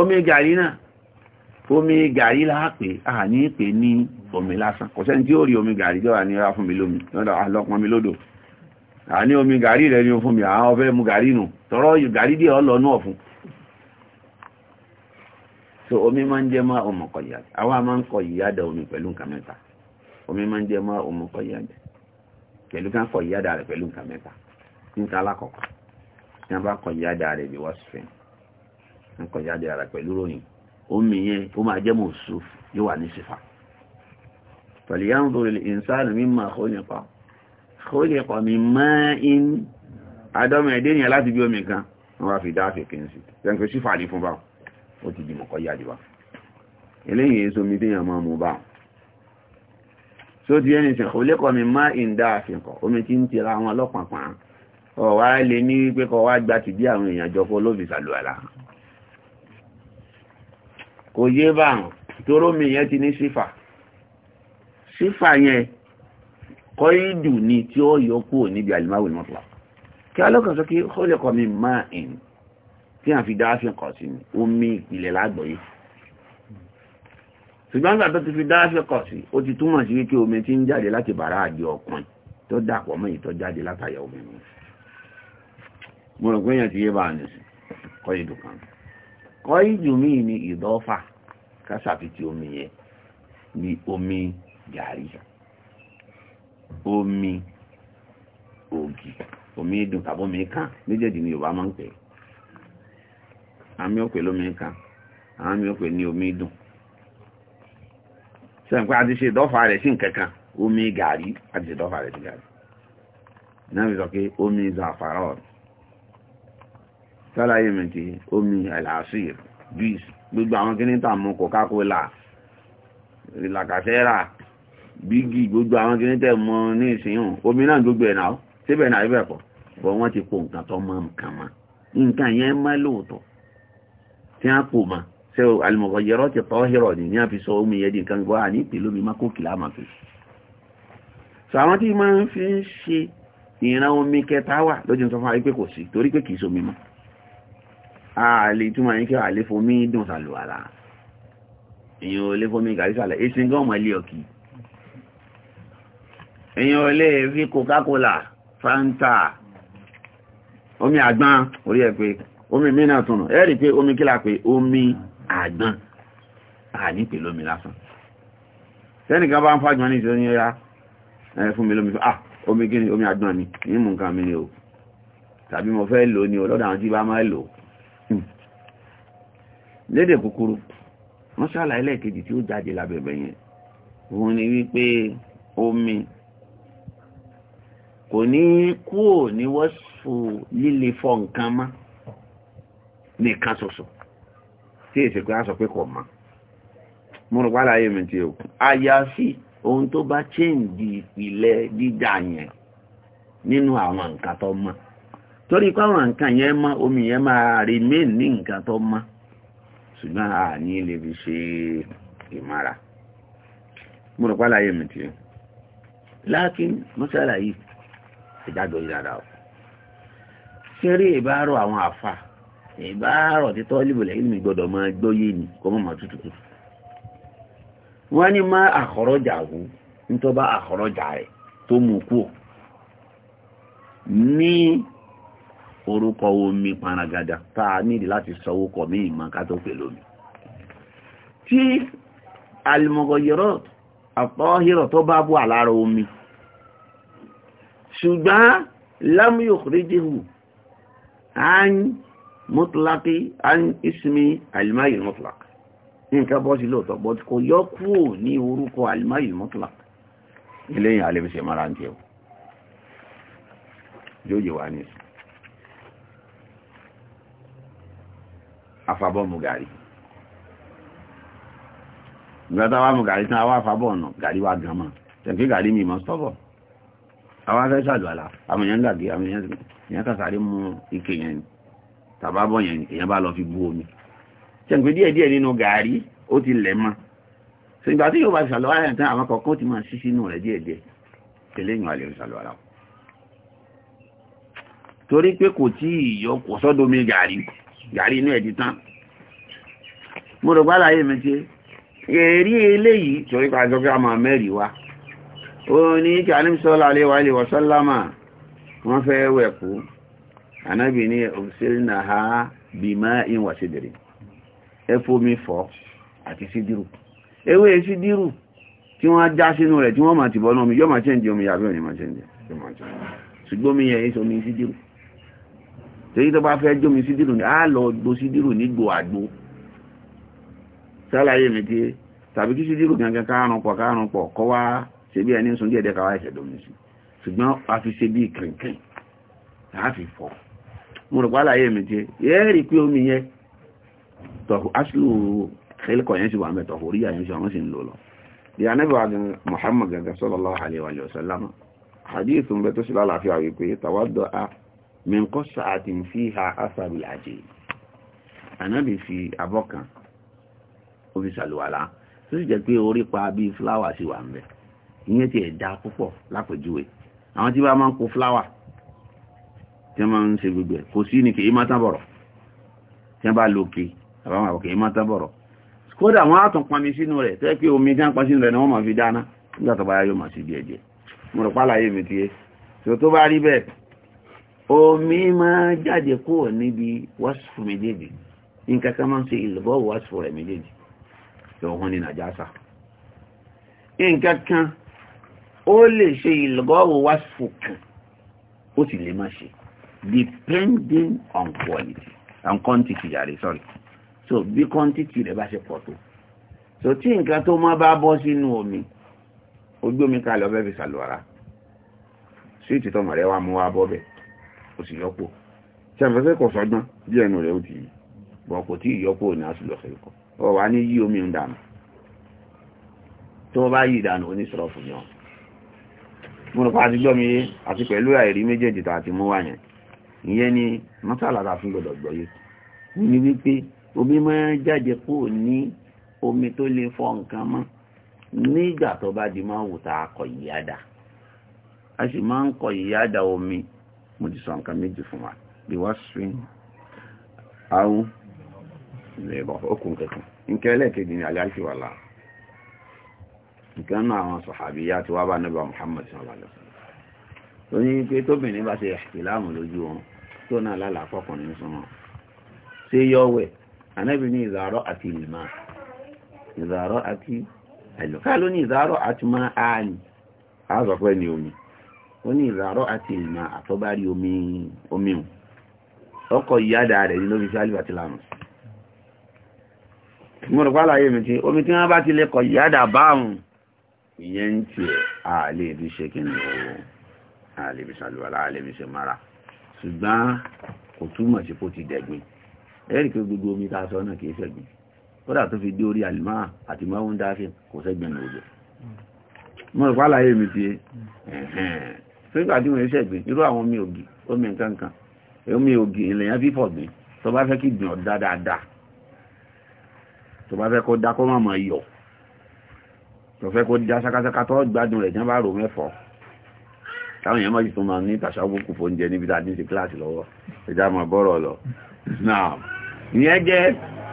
A: omi gàrí náà omi gàrí omi lásán kò sẹ́ni tí ó omi gàrí fún mi lómi a àní omi gàrí rẹ̀ ni o fún mi àwọn ọ̀fẹ́ mu gàrí nù tọrọ gàrí díẹ̀ ọlọ́nú ọ̀fún so omi máa ń jẹ́ máa ọmọ àwa máa ń kọ ìyá omi pẹ̀lú nǹkan mẹ́ta omi máa ń jẹ́ máa ọmọ da pẹ̀lú ká kọ ìyá rẹ̀ pẹ̀lú nǹkan mẹ́ta tí wọ́n bá kọ rẹ̀ bí wọ́n khuliqa min ma'in adọ́mọ ẹ̀dẹ́ yẹn láti bí omi kan wọ́n wá fi dá àfẹ́kẹ́ sí tẹ́n pé sífà ní fún bá ó ti dìmọ̀ kọ́ yájú bá eléyìí èso mi déyàn máa mú bá so ti ẹni sìn khuliqa min ma'in dá àfẹ́kọ̀ omi ti ń tira wọn lọ́pàpàá ọ̀wá lè ní pé kọ́ wá gbá ti bí àwọn èèyàn jọ fọ́ mi yẹn ti ní sífà sífà yẹn kọ́ìdù ni tí ó yọ kúrò níbi alimáwò ní mọ́tàlá kí alọ́kàn sọ kí kọ́lẹ̀kọ́ mi máa ìn tí a fi dááfin kọ̀ sí ni omi ìpìlẹ̀ lágbọ̀yé ṣùgbọ́n gbà tó ti fi dááfin kọ̀ sí ó ti túmọ̀ sí wípé omi ti ń jáde láti bàrá àjọ ọkùnrin tó dàpọ̀ mọ́ ìtọ́ jáde látàyà omi mu mo rò pé èèyàn ti yé bá a sí kọ́ìdù kan kọ́ìdù míì ni ìdọ́fà ká omi yẹn ni omi gàrí omi ògì omi ìdùn tàbí omi kan méjèèjì ni yorùbá máa ń pè àmì òpè lómi kan àmì òpè ní omi ìdùn sẹ́ǹpẹ́ àti ṣe ìdọ́fà rẹ̀ sí nkankan omi gàrí àti ṣe ìdọ́fà rẹ̀ sí gàrí náà fi sọ pé omi zàfàrà ọ̀rọ̀ sálàyé mi ti omi àlàáfíà juice gbogbo àwọn kìnnìtà mú coca-cola rìlàkàṣẹ́rà bígi gbogbo àwọn kìíní tẹ̀ mọ́ ní ìsìnyún omi náà gbogbo ẹ̀ náà síbẹ̀ náà ibẹ̀ kọ̀ bọ́ wọ́n ti kó nǹkan tó mọ́ nǹkan mọ́ nǹkan yẹn má lóòótọ́ tí wọ́n kò mọ́ ṣé àlùmọ̀kọ yẹrọ ti tọ́ hírọ̀ ni ní àfi sọ omi yẹn di nǹkan gbọ́ àní ìpìlẹ̀ omi má kó kìlá má fi. sọ àwọn tí máa ń fi ń ṣe ìran omi kẹta wà lójú sọ fún wa pé kò sí torí pé kìí somi mọ́ àlè túmọ̀ yín èyàn olè rí coca-cola fanta omi àgbọn orí ẹ̀ pé omi mínà túnù ẹ̀rí pé omi kílà pé omi àgbọn àní pè lómi lásán sẹ́nìkan bá ń fàjọ ní ìṣẹ́ ní fún mi lómi fún ah omi gíní omi àgbọn mi ní mú nǹkan mi ni o tàbí mo fẹ́ lò ní ọlọ́dà àwọn tí bá máa lò hmm. lédè kúkúrú wọ́n ṣàlàyé lẹ́ẹ̀kejì tí ó jáde lábẹ̀bẹ̀ yẹn òun ni wípé omi kò ní kúò ní wọ́sù líle fọ nǹkan mọ́ nìkan ṣoṣo tí èsì pé a sọ pé kò mọ́ mo rò pálá ayé mi ti o àyàfi ohun tó bá chéǹdì ìpìlẹ̀ jíjà yẹn nínú àwọn nǹkan tó mọ́ torí pé àwọn nǹkan yẹn mọ́ omi yẹn máa remain ní nǹkan tó mọ́ ṣùgbọ́n a ní lè fi ṣe ìmára mo rò pálá mi ti o lákín mọ́sálà ìjádò yìí dáadáa o ṣeré ìbárò àwọn àfa ìbárò títọ́ líbòlẹ̀ ìlú gbọ́dọ̀ máa gbóyè ni kó mọ̀ mọ̀ tútù wọ́n ní má àkọ́rọ́jà wù nítorí àkọ́rọ́jà rẹ̀ tó mú ní orúkọ omi panagada tá a nídìí láti mí ìmọ̀ ká tó pè lómi tí tó bá omi ṣùgbọ́n lam yukhrijihu an mutlaqi an ismi al-mayl mutlaq nǹkan bọ́ sí lóòtọ́ bọ́ kò yọ kúrò ní orúkọ al-mayl mutlaq eléyìn alẹ́bíṣẹ́ mara ń tẹ́ o yóò yẹ wá ní afabọ́ mu gàrí ìgbàtà wá mu gàrí tán wá afabọ́ ọ̀nà gàrí wá gan mọ́ tẹ̀kí gàrí mi mọ́ sọ́bọ̀ àwọn afẹ́ sàlùwàlà àwọn èèyàn làgé àwọn èèyàn kàsàrí mú ike yẹn ni tàbábọ̀ yẹn ni èèyàn bá lọ fi bú omi ṣẹ̀ǹpé díẹ̀díẹ̀ nínú gàárì ó ti lẹ̀ mọ́ ṣùgbọ́n tí yóò bá sàlùwàlà yẹn tán àwọn kọ̀ọ̀kan ti máa ṣí sínú rẹ̀ díẹ̀díẹ̀ tẹ́lẹ̀ yàn àlè sàlùwàlà torí pé kò tí ìyọ kò sọ́dọ̀ mi gàárì gàárì inú ẹ̀ ti tán mo rò gbá ó ní kí alìmísọ́lá aléwà ilẹ̀ wọ̀sọ́lámà wọ́n fẹ́ wẹ̀kú anábì ní òṣèlú ha bí máa ń wà sídìrí ẹfómi fọ́ àti sídìrù ewé sídìrù tí wọ́n já sínú rẹ̀ tí wọ́n máa ti bọ́ náà yọ́ máa chẹ́ǹdì omi yàbí òní máa chẹ́ǹdì ṣùgbọ́n mi yẹ èso mi sídìrù torí tó bá fẹ́ jómi sídìrù ní á lọ gbo sídìrù nígbò àgbo sálàyé mi ti tàbí kí sídìrù gangan kárùn pọ̀ kárùn pọ̀ kọ́ wá ṣe bí ẹni sun díẹ̀dẹ́ káwá ẹ̀ṣẹ̀ domi sí ṣùgbọ́n a fi ṣe bí kìrìkìrì láti fọ́ mo rò pálá yé mi jẹ yẹ́ rí pé omi yẹn tọ̀hù aṣílù kẹ́lẹ́kọ̀ yẹn sì wà mẹ́ tọ̀hù oríyà yẹn sì wọ́n sì ń lò lọ bí anábì wa Muhammad gaga sallallahu alaihi wa sallam hadith ń bẹ tó sì lálàáfíà wípé tàwádọ́ a min qas'atin fiha asàbìlà àjẹ́ anábì fi abọ́ kan ó fi sàlùwàlá tó sì jẹ́ pé orí pa bíi fúláwà sí wà ń bẹ́ẹ̀ ìyẹn ti ẹ̀dá púpọ̀ lápẹ̀júwe àwọn tí bá máa ń kó fúláwà tí wọ́n máa ń se gbogbo ẹ̀ kò sí ní kìí máa bọ̀rọ̀ tí wọ́n bá lo ke àbáwọn àbọ̀ kìí máa bọ̀rọ̀ kódà wọ́n á tún pami sínú rẹ̀ pé omi tí wọ́n pa sínú rẹ̀ fi dáná nígbà tó bá yóò máa bí ẹ̀jẹ̀ mi ti yé tó tó bá rí bẹ́ẹ̀ omi máa jáde níbi méjèèjì nǹkan kan máa ń ìlọ́bọ̀ rẹ̀ méjèèjì ó lè ṣe ìlọ́gọ́wò wá fòkàn ó sì lè má ṣe depending on quality and quantity yàrá sorry so bí quantity rẹ̀ bá ṣe pọ̀ tó so tí nǹkan tó má bá bọ́ sínú omi ojú omi kalẹ̀ ọbẹ̀ fi ṣàlùwàrà síìtì tọmọ rẹ̀ wá mú wá bọ́ bẹ̀ ó sì yọpọ̀ tí a fẹ́fẹ́ kọ̀ sọ́gbọ́n bí ẹnu rẹ̀ ó ti yí bọ̀ kò tí ìyọpọ̀ ní aṣùlọ̀ṣẹ̀ ikọ̀ ọ wà ní yí omi ń dànù tó bá yí ìdànù oníṣòro fún yàn mo pa ti gbọ ati pẹlu airi mejeje ta ti mu wa yen ni matala ta fun godo gbo ni bi pe omi ma jaje ko ni omi to le fo nkan mo nigba to ba di ma wo ta ko a si ma ko yada omi mo di so nkan meji fun wa bi wa swing au lebo okun kekun nke ni ale wala nǹkan náà àwọn sọ̀hàbíyá tí wọ́n bá níbà Muhammad sallallahu alaihi wasallam tó ní pé tóbìnrin bá ṣe ìlàmù lójú wọn tó náà lálà àkọ́kùnrin súnmọ́ ṣé yọ̀wẹ̀ anábì ní ìzàrọ̀ àti ìlmà ìzàrọ̀ àti àìlò ká ló ní ìzàrọ̀ àti máa àní àzọ̀pẹ́ ni omi ó ní ìzàrọ̀ àti ìlmà àtọ́bárí omi omi hùn ọkọ̀ ìyáda rẹ̀ ní lóbi sálíbà ti lánà mo rò pálá yé mi tí omi tí wọ́n bá ti lè kọ̀ ìyáda báhùn ìyẹn ń tiẹ̀ àlè ibi ṣe kí ni owó àlè ibi ṣàlùwàlá àlè ibi ṣe mara ṣùgbọ́n kò túmọ̀ sí kó ti dẹ̀gbin ẹ̀rí pé gbogbo omi tá a sọ náà kì í ṣẹ̀gbin kódà tó fi dé orí àlùmá àti mọ́wọ́n dáfín kò ṣẹ̀gbin ní òjò mo rò pàlàyé mi ti fígbà tí wọ́n ṣẹ̀gbin irú àwọn omi ògì omi nǹkan omi ògì ìlẹ̀yàn fífọ̀ gbin tó bá fẹ́ kí gbìn ọ̀dá dáadáa tó bá fẹ́ kó dá kó má mọ̀ yọ̀ tó fẹ́ kó já sákásáká tó gbádùn rẹ̀ jẹ́ bá rò mẹ́fọ́ táwọn èèyàn mọ́jú tó máa ní tàṣàwó kù fún jẹ níbi tàbí ṣe kíláàsì lọ́wọ́ ẹjá mọ̀ bọ́rọ̀ lọ ìyẹn jẹ́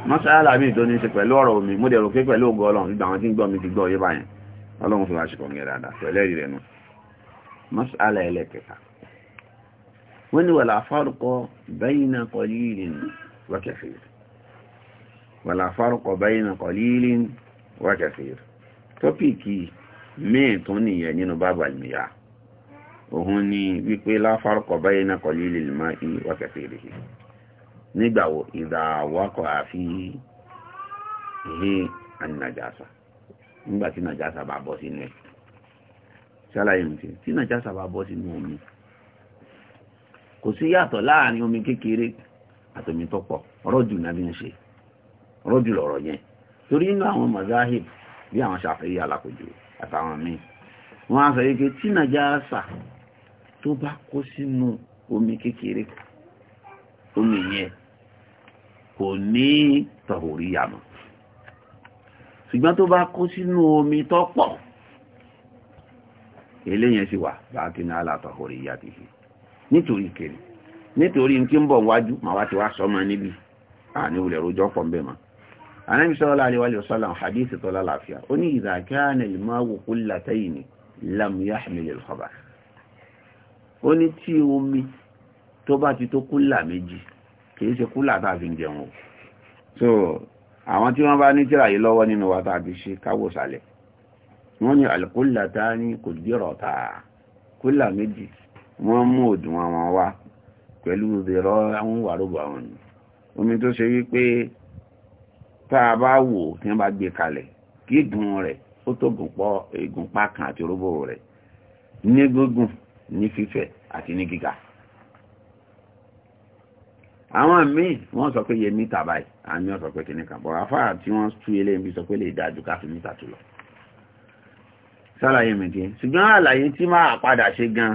A: mọ́sálà mi tó ní ṣe pẹ̀lú ọ̀rọ̀ omi mo dẹ̀rọ pé pẹ̀lú ògo ọlọ́run nígbà wọn tí ń gbọ́ mi ti gbọ́ yé báyẹn ọlọ́run fún àṣìkò ń gẹ̀rẹ̀ àdàpọ̀ ẹlẹ́rìí rẹ̀ nù mọ́sálà ẹlẹ́kẹta tọ́pìkì míì tó nìyẹn nínú bábà ìmìyà òun ni wípé láfárúkọ báyìí náà kọ̀lí ilé lè máa ń wọ́kẹ̀ fèrè ihe kò sí yàtọ̀ láàrin omi kékeré àtòmítọ́pọ̀ rọ́jù náà bí ń ṣe rọ́jù lọ̀rọ̀ torí inú àwọn mazahib bí àwọn ṣàfẹ́yí alákòjò àtàwọn míì wọ́n á sọ yíké tí nàjásà tó bá kó sínú omi kékeré omi yẹn kò ní tọ̀hórí yàmọ̀ ṣùgbọ́n tó bá kó sínú omi tó pọ̀ eléyẹn sì wà bá kí ní alátọ̀hórí yá ti fi nítorí kiri nítorí n kí ń bọ̀ wájú màá wá ti wá sọ́mọ níbi àní rojọ́ pọ̀ ń bẹ̀ mọ́ anábi sallallahu alaihi wa sallam hadith tó lálàáfíà ó ní idha kana al-ma'u qullatayn lam yahmil al-khabath ó ní tí omi tó bá ti tó kúlà méjì kìí ṣe kúlà tá jẹun so àwọn tí wọ́n bá ní tíra yìí lọ́wọ́ nínú wa tá a fi ṣe káwò sálẹ̀ wọ́n ní al-qullatani qudrata kúlà méjì wọ́n mú òdùn àwọn wa pẹ̀lú zero àwọn wàrúbọ̀ àwọn omi tó ṣe wípé tá a bá wò tí wọ́n bá gbé kalẹ̀ kí gùn rẹ̀ ó tó gùn pọ̀ egun pákan àti orógbó rẹ̀ ní gígùn ní fífẹ̀ àti ní gíga àwọn míì wọ́n sọ pé yẹ mítà báyìí àmì ọ̀sọ̀ pé kìnnìkan bọ̀ afárá tí wọ́n tú ilé ibi sọ pé lè dájú ká fi mítà tó lọ sálàyé mìtí ṣùgbọ́n àlàyé tí máa padà ṣe gan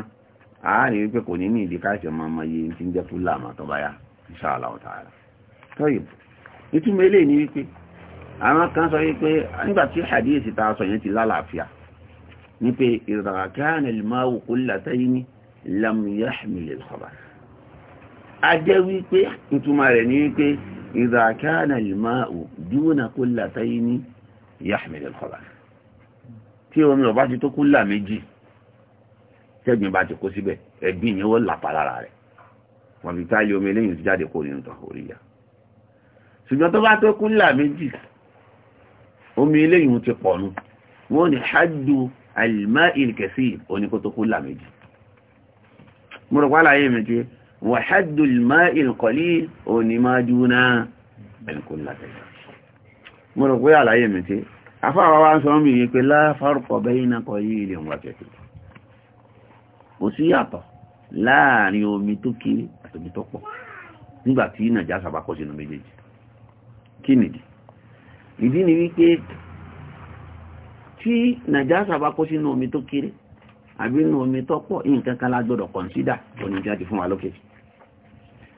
A: ààrẹ wípé kò ní ní ìdíkáṣẹ̀ mọ́ ọmọ yìí tí ń jẹ́ fúlàmà tó báyá insha Allah ta'ala tọ́yìí ìtumọ̀ eléyìí ni wípé àwọn kan sọ wípé nígbà tí hadith ta sọ yẹn ti lálàáfíà ní pé ìràkánà ìmáwò kó látàrí ní lamuyahmilil khabar a jẹ́ wípé ìtumọ̀ rẹ̀ ni wípé ìràkánà ìmáwò dúnà kó látàrí ní yahmilil khabar tí omi ọba ti tó kú là méjì tẹ́gbìn bá ti ṣùgbọ́n tó bá tó kúnlà méjì omi eléyìí ti pọ̀ nù wọ́n ní hajjú àìlìmá ìrìkẹsí oníkó tó kúnlà méjì mo rọ̀ pàlàyé méjì wà hajjú ìlmá ìrìkọlí onímájúná ẹnkúnlà tẹ̀lé mo rọ̀ pé àlàyé méjì afáwà wá ń sọ mí pé láfárùkọ̀ bẹ́yìn náà kọ̀ yí ilé wọn kẹ̀kẹ́ kò sí yàtọ̀ láàrin omi tó kéré àti nígbà tí nàìjíríà sábà kọ sínú méjèèjì kí nìdí ìdí ni wípé tí nàìjásà bá kó sínú omi tó kéré àbí inú omi tó pọ̀ nǹkan kan la gbọ́dọ̀ kọ̀nsídà oníjáde fún wa lókè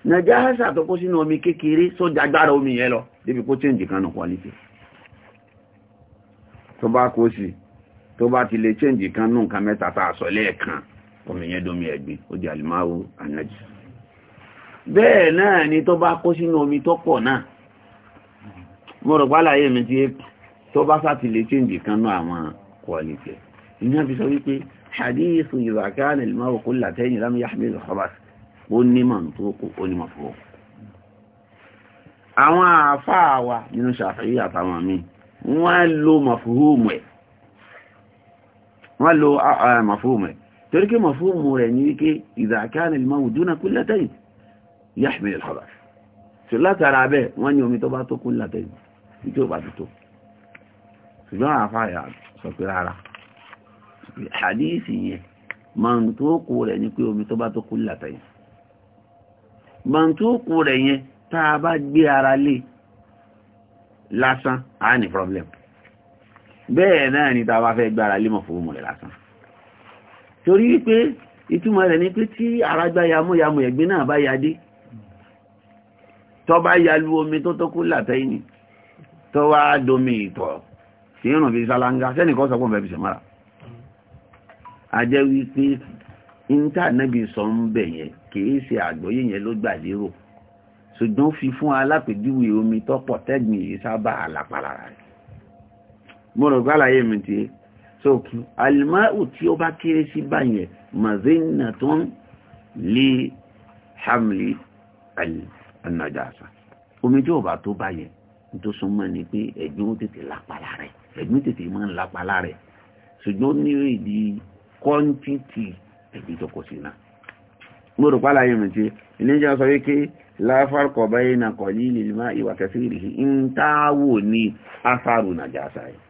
A: nàìjásà tó kó sínú omi kékeré sójà gbára omi yẹn lọ débi kó chẹ́ǹjì kan nù quality tó bá kó sí tó bá ti lè chẹ́ǹjì kan nù nǹkan mẹ́ta tá a sọ lẹ́ẹ̀kan omi yẹn domi ẹ̀gbin ó di àlìmáwò ànájì bẹ́ẹ̀ náà ni tó bá kó sínú omi tó pọ̀ náà mo rò pálá yé mi ti tó bá sá ti lè change kan náà àwọn quality ìní àfi sọ wípé hadith ìzàkánì ìmọ̀ràn kó látẹ́yìn lámú yahmed khabas ó nímọ̀ tó kó ó nímọ̀ tó kó àwọn àáfàá wa nínú ṣàfihì àtàwọn míì wọ́n lo mọ̀fúhùmù ẹ̀ wọ́n lo mọ̀fúhùmù ẹ̀ torí ṣe látara bẹ́ẹ̀ wọ́n ní omi tó bá tó kú látẹ̀jù tí tí ó bá ti tó ṣùgbọ́n àfáàyà sọ pé rárá hadisi yẹn màá tó kú rẹ̀ ní pé omi tó bá tó kú látẹ̀jù màá tó kú rẹ̀ yẹn tá a bá gbé ara lé lásán á ní problem bẹ́ẹ̀ náà ni tá a bá fẹ́ gbára lé mọ̀ fowó mọ̀lẹ̀ lásán torí pé ìtumọ̀ rẹ̀ ni pé tí ara gbá yamúyamú ẹ̀gbin náà bá yadé tó bá yalu omi tó tó kú látẹ́yìn ni tó wá domi ìtọ̀ tí yóò fi sálángá sẹ́nìkan sọ fún bẹ̀bí sẹ̀mára ajẹ́ wípé níta nẹ́bí sọ ń bẹ̀ yẹn kìí ṣe àgbọ́yé yẹn ló gbà lérò ṣùgbọ́n fi fún alápèjúwe omi tó pọ̀ tẹ́gbìn yìí sábà àlàpàlára rẹ̀ mo rò pé àlàyé mi ti so alimáwù tí ó bá kéré sí báyẹn mazinatun li hamli ali an-najasa omi tí ò bá tó bá yẹn tó súnmọ́ ni pé ẹ̀gbin ó tètè lápalá rẹ̀ ẹ̀gbin tètè máa ń lápalá rẹ̀ ṣùgbọ́n ní èdè kọ́ńtìtì ẹ̀gbin tó kọ̀ sí náà. mo rò pálá yẹn mi ti iléeṣẹ́ sọ wípé la farqa bayna qalilil ma'i wa kathirihi ń táwò ní asaru najasa yìí.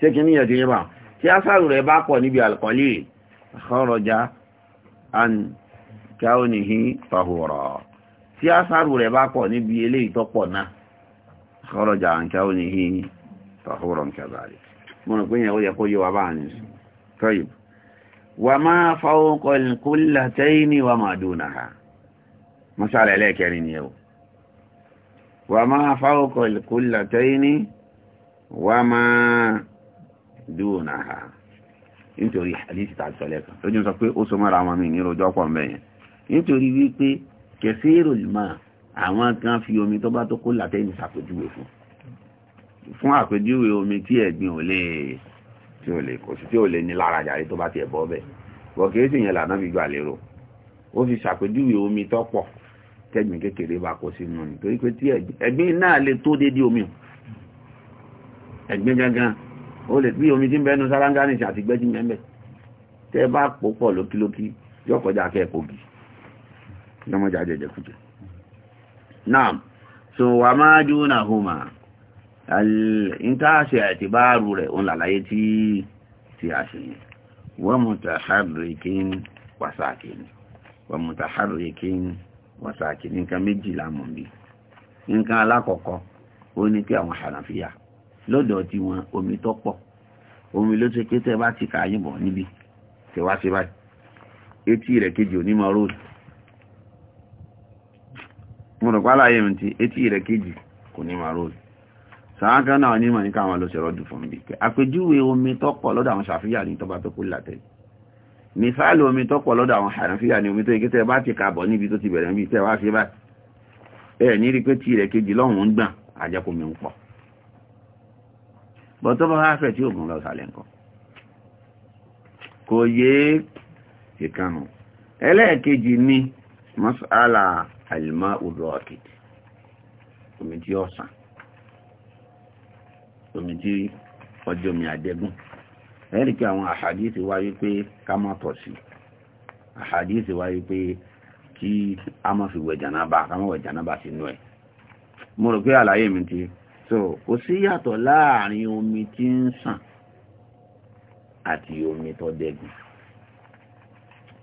A: ṣé kí ni ìyàtí yẹn bá tí asaru rẹ̀ bá pọ̀ níbi al-qalil kharaja an kaunihi tahura tí asaru rẹ̀ bá pọ̀ níbi eléyìí tó pọ̀ náà kọ́rọ̀jà àǹkẹ́ ó ní hìí tọ̀húrọ̀ nkẹ́ báyìí mo rò pé yẹn ó yẹ kó yé wa bá ní tọ́yìb wà máa fáwọn kọlùkúlà tẹ́yìn ní wà máa dùn náà mọ́sálẹ̀ ẹlẹ́kẹrin ni ẹ̀ wà máa fáwọn kọlùkúlà tẹ́yìn dùn náà nítorí wípé kẹsíìrò lùmọ̀ àwọn kan fi omi tó bá tó kó làtẹ́yìn ṣàpèjúwe fún fún àpèjúwe omi tí ẹ̀gbin ò lè tí ò lè kò sí tí ò lè ní lára jàre tó bá tiẹ̀ bọ́ bẹ́ẹ̀ bọ́ kìí sì yẹn lànà fi gbà lérò ó fi ṣàpèjúwe omi tó pọ̀ tẹ́gbin kékeré bá kó sínú ni torí pé tí ẹ̀gbin náà lè tó déédéé omi ẹ̀gbin gangan ó lè bí omi tí ń bẹnu sáráńgá nìṣẹ́ àti gbẹ́jì tẹ́ bá pò pọ̀ lókílókí yọ̀kọjá lọ́mọdé àjẹjẹkújẹ náà so wà máa dúnà hùmà ìntàṣẹ àti báàrù rẹ̀ òun làlàyé tí tí a ṣe yẹn wọ́n mú tàhárìkín wàsáàkín wọ́n mú tàhárìkín wàsáàkín nǹkan méjìlá mọ̀ bí nǹkan alákọ̀ọ́kọ́ ó ní pé àwọn Hànàfíyà lọ́dọ̀ tí wọn omi tó pọ̀ omi ló ṣe pé tẹ́ bá ti kà yìnbọn níbi tẹ́ wá ṣe báyìí etí rẹ̀ kejì onímọ̀ róòlù mọ̀rọ̀ pàlá ayé mi ti etí rẹ̀ kejì kò ní máa róòlù sàákan náà ní màá ní káwọn lọ sọ̀rọ̀ dùn fún mi pé àpèjúwe omi tọ́pọ̀ lọ́dọ̀ àwọn ṣàfíyà ní tọ́ba tó kú látẹ̀ mìsáàlì omi tọ́pọ̀ lọ́dọ̀ àwọn ṣàfíyà ní omi tó yẹ tẹ́ bá ti kàbọ̀ níbi tó ti bẹ̀rẹ̀ níbi tẹ́ wá ṣe báyìí ẹ̀ ní rí pé tí rẹ̀ kejì lọ́hùn ń gbọ̀n àjẹkùnmi ń pọ̀ ẹlẹ́ẹ̀kejì ni masala àlìmá odò ọ̀kìd omi tí ọ̀sán omi tí ọjọ́ omi àdẹ́gùn ẹ̀rí pé àwọn àhàdíìsì wáyé pé ká má tọ̀ sí àhàdíìsì wáyé pé kí a má fi wẹ̀ jànábà ká má wẹ̀ jànábà sínú ẹ̀ mo rò pé àlàyé mi ti so kò sí yàtọ̀ láàrin omi tí ń sàn àti omi tó dẹ́gùn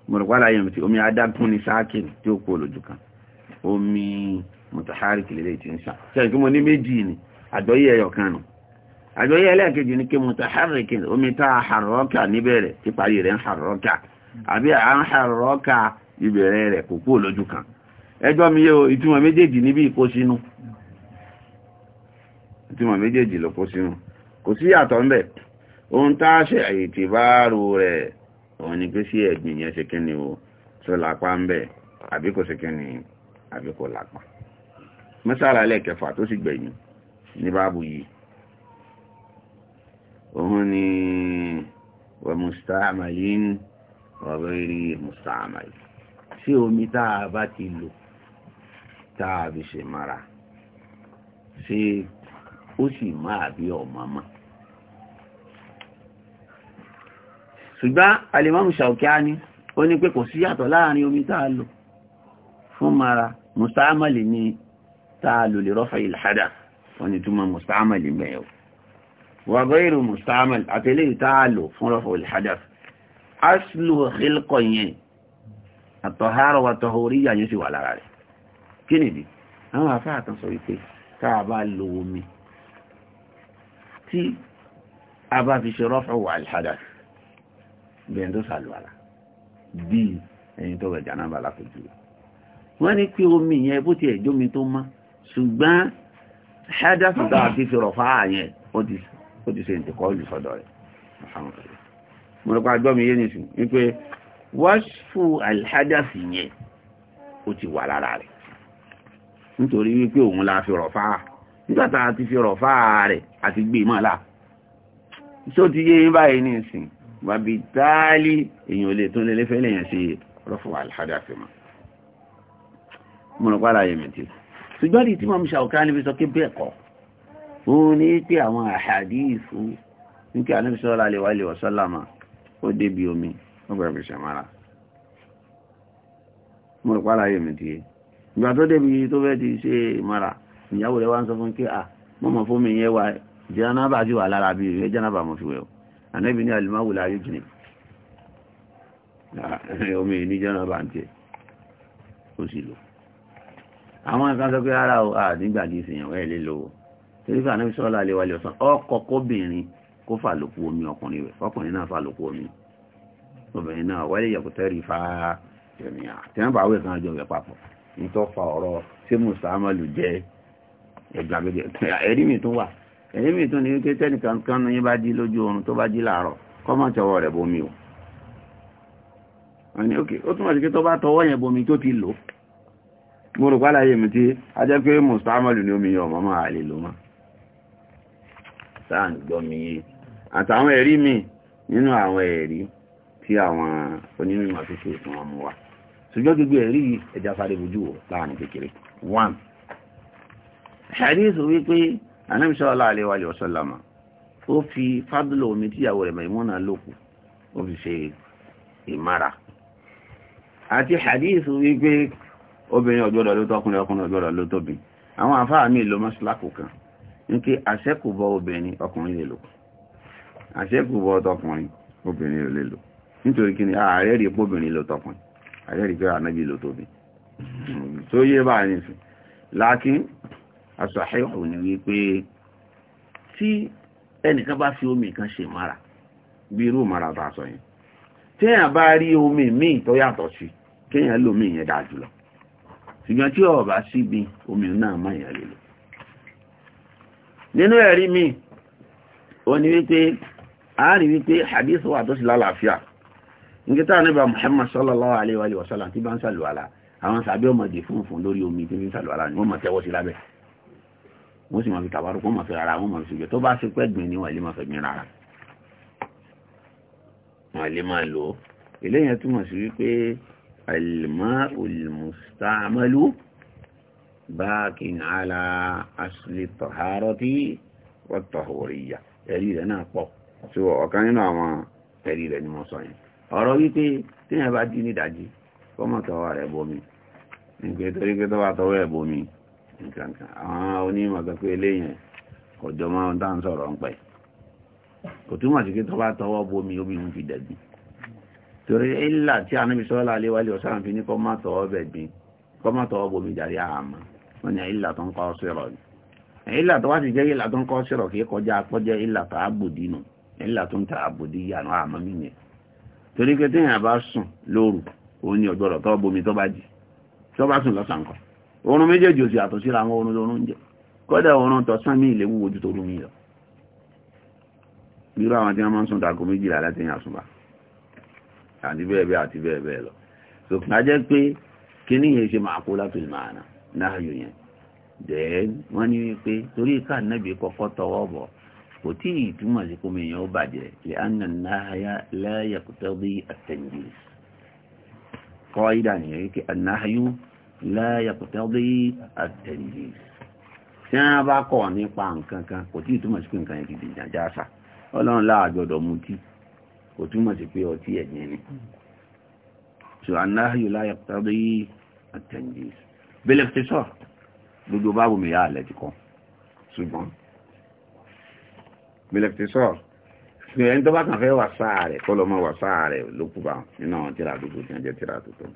A: mo rò pé àlàyé mi ti omi adágún ni sáàkì tí ó kú olójú kan omi mùtàhárìkì lélẹ̀ tí ń sàn kí mo ni àjọyé ẹyọ kan nù àjọyé ẹlẹ́ẹ̀kejì ni kí omi tá a hàrọ́ọ̀kà níbẹ̀rẹ̀ tí parí rẹ̀ ń hàrọ́ọ̀kà àbí à ń hàrọ́ọ̀kà ìbẹ̀rẹ̀ rẹ̀ kò lójú kan ẹjọ́ mi o ìtumọ̀ méjèèjì níbi ìkó sínú ìtumọ̀ méjèèjì ló kó sínú kò sí yàtọ̀ ń bẹ̀ ohun tá a ṣe ìtìbáàrù rẹ̀ òun ni pé sí ẹ̀gbìn yẹn o ń bẹ̀ àbí kò ṣe àbí kò lápá mẹ́sàlá ẹlẹ́kẹfà tó sì gbẹ̀yìn ní báàbù yìí òun ni wà mùsàmàlín ọ̀rẹ́rí mùsàmàlín sí omi táa bá ti lò táa fi ṣe mara ṣe ó sì máa bí ọmọọmọ ṣùgbọ́n alimọ́mù ṣàókíá ní ó ní pé kò sí yàtọ̀ láàrin omi táa lò fún mara mùsàámàlì ni táa lò lè rọ́fà ìlhádà wọ́n ni túnmọ̀ mùsàámàlì mẹ́yọ̀ wà gọ́ìrù mùsàámàlì àtẹ́lẹ́ táa lò fún rọ́fà ìlhádà aslu khilqọ̀ yẹn àtọ̀hárọ̀ wà tọ̀hóríyà yóò sì wà lára rẹ̀ kí nìdí àwọn afáàtàn sọ wípé táa lo omi tí a bá fi ṣe rọ́fà wà bẹ́ẹ̀ tó sàlùwàlà bíi ẹni tó wẹ̀ jànáàbà wọ́n ní pé omi yẹn bó ti ẹ̀jọ́ mi tó má ṣùgbọ́n ṣáájáfù tá a ti fi rọ̀ fáà yẹn ó ti ṣe ìtẹ̀kọ́lù sọ́dọ̀ rẹ̀ mo rẹ̀ pa gbọ́ mi yé nìsín wípé wáṣfù alhádàfì yẹn ó ti wà lára rẹ̀ nítorí wípé òun la fi nígbà tá a ti fi rẹ̀ àti gbé e mọ́lá tó ti yé yín báyìí nìsín wàbí táálí èèyàn ò lè tún lélẹ́fẹ́ lèèyàn ṣe rọ́fù alhádàfì mọ́ múnupára yẹmẹ tí ṣùgbọ́n ní tí mo ṣe àwòká níbi sọ pé bẹ́ẹ̀ kọ́ òun ní pé àwọn àhàdíìsù ní kí àníbi sọ́ra lè wá ilé ọ̀ṣọ́ lámà ó débi omi ó bẹ̀rẹ̀ fi ṣàmára múnupára yẹmẹ tí ìgbà tó débi tó fẹ́ ti ṣe ìmára ìyàwó rẹ̀ wá ń sọ fún kí à mọ́mọ́ fún mi yẹn wá jẹ́nàbà sí wà lára bí rẹ̀ jẹ́nàbà mọ́ fi wẹ̀ ànábì ní alìmáwò láyé jìnì ah, omi ní jẹ́nàbà ń tẹ́ ó sì lò àwọn kan sọ pé ara o àdígbàdì ìsìnyàn ẹ̀ lè lò ó torí pé ànábì sọ́ọ́lá lè wálé ọ̀sán ọkọ̀ kóbìnrin kó fà lòkú omi ọkùnrin rẹ̀ ọkùnrin náà fà lòkú omi obìnrin náà wálé yẹ̀kùtẹ́ rí fa ẹ̀mìyàn tí wọ́n bá wẹ̀ kan jọ rẹ̀ papọ̀ nítọ́ fa ọ̀rọ̀ tí mùsàmọ́lù jẹ́ ẹ̀gbàgbẹ́jẹ ẹ̀rí mi tún wà ẹ̀rí mi tún ní wípé tẹ́nìkan kan ní bá jí lójú oorun tó bá jí láàárọ̀ kọ́ máa tọwọ́ rẹ̀ bomi o ó túnmọ̀ sí pé tó bá tọwọ́ yẹn bomi tó ti lò mo rò pálá yé mi tí a jẹ́ pé mùsùlùmí ni omi yọ mọ́mọ́ àlè ló mọ́ sáà ń gbọ́ mi yé àtàwọn ẹ̀rí mi nínú àwọn ẹ̀rí tí àwọn onímọ̀ tó ṣe fún ọmọ wa ṣùgbọ́n gbogbo ẹ̀rí ẹja sáré bojú wò láàrin kékeré one hadith wípé Ànábì sallallahu àti hadith wípé obìnrin ọ̀gbọ́dọ̀ ló tọkùnrin ọkùnrin ọ̀gbọ́dọ̀ ló tóbi àwọn àfáà mi ló mọ́sílákù kan ní kí àṣẹ́kùbọ̀ obìnrin ọkùnrin lè lò àṣẹ́kùbọ̀ tọkùnrin obìnrin lè lò nítorí kí ni ààrẹ rí pé obìnrin ló tọkùnrin ààrẹ rí pé ànábì ló tóbi tó yé bá ní sùn lákín àṣàṣẹ́kù ni wípé tí ẹnìkan bá fi omi kan ṣe mara bí irú mara bá sọ yẹn téèyàn bá rí omi míì tó yàtọ̀ sí kéèyàn lómi yẹn dáa jùlọ ṣùgbọ́n tí ọ̀bá síbi omi náà mọ́ ìyà lè lò nínú ẹ̀rí mi o ni wípé a rí wípé hadith wà tó sì lálàáfíà nígbẹ́ta níbà Muhammad sallallahu alaihi wa sallam tí bá ń sàlùwàlá àwọn sàbí ọmọdé fúnfún lórí omi tí ń sàlùwàlá ni wọ́n mọ̀ tẹ́wọ́ sí lábẹ́ wọ́n sì mọ̀ fi tàbárù kó mọ̀ fi rárá wọ́n mọ̀ fi ṣùgbẹ́ tó bá ṣe pẹ́ gbìn ní wọ́n lè mọ̀ fẹ́ gbìn rárá wọ́n lè máa lò eléyìí túmọ̀ sí wípé الماء المستعمل باق على أصل الطهارة والطهورية ẹ̀rí rẹ̀ náà pọ̀ tí ọ̀kan nínú àwọn ẹ̀rí rẹ̀ ni mo sọ yìí ọ̀rọ̀ wípé tí yẹn bá jí nídàjí kọ́mọ̀ tọwọ́ rẹ̀ bomi nígbẹ́ torí pé tọ́wọ́ tọwọ́ rẹ̀ bomi nǹkankan àwọn onímọ̀ sọ pé torí ilà tí a níbi sọ́lá aléwálé ọ̀sán fi ní kọ́mátọ̀ ọbẹ̀ gbin kọ́mátọ̀ ọbòmí jàrí àmà wọ́n ni ilà tó ń kọ́ sírọ̀ ni ilà tó wá ti jẹ́ ilà tó ń kọ́ sírọ̀ kìí kọjá pọ́jẹ́ ilà tó àbòdì nù ilà tó ń ta àbòdì yànà àmà mímẹ́ torí pé téèyàn bá sùn lóru òun ni ọ̀gbọ́dọ̀ tó bomi tó bá jì tó bá sùn lọ́sàn kan oorun méjèèjì òsì àtọ̀ síra àwọn oorun lórun jẹ kọ́dà oorun tó sán ilé wúwo ju torú mi lọ irú àwọn tí wọ́n máa ń sùn dàgọ́ méjìlá látẹ̀yìn àsùnbà àti bẹ́ẹ̀ bẹ́ẹ̀ àti bẹ́ẹ̀ bẹ́ẹ̀ lọ so a jẹ́ pé yẹn ṣe máa kó látò láàyò yẹn wọ́n torí ká nẹ́bí kọ́kọ́ tọwọ́ bọ̀ kò tí ì túmọ̀ sí kómi yẹn ó bàjẹ́ lè ànà náà bí kọ́ ìdá nìyẹn bí tí wọ́n bá kọ̀ nípa nǹkan kan kò tí ì túmọ̀ sí nǹkan yẹn dìjà ọlọ́run kò túmọ̀ sí pé ọtí ẹ̀gbin ni so anáhàyò láyà tàbí àtẹ̀jì bẹ́lẹ̀ fi sọ gbogbo báwo mi yá àlẹ́ ti kọ́ ṣùgbọ́n bẹ́lẹ̀ fi sọ ẹni tó bá kàn fẹ́ wà sáà rẹ̀ kọ́ lọ́mọ wà sáà rẹ̀ ló kú bá nínú àwọn tíra àdúgbò tí wọ́n jẹ́ tíra tuntun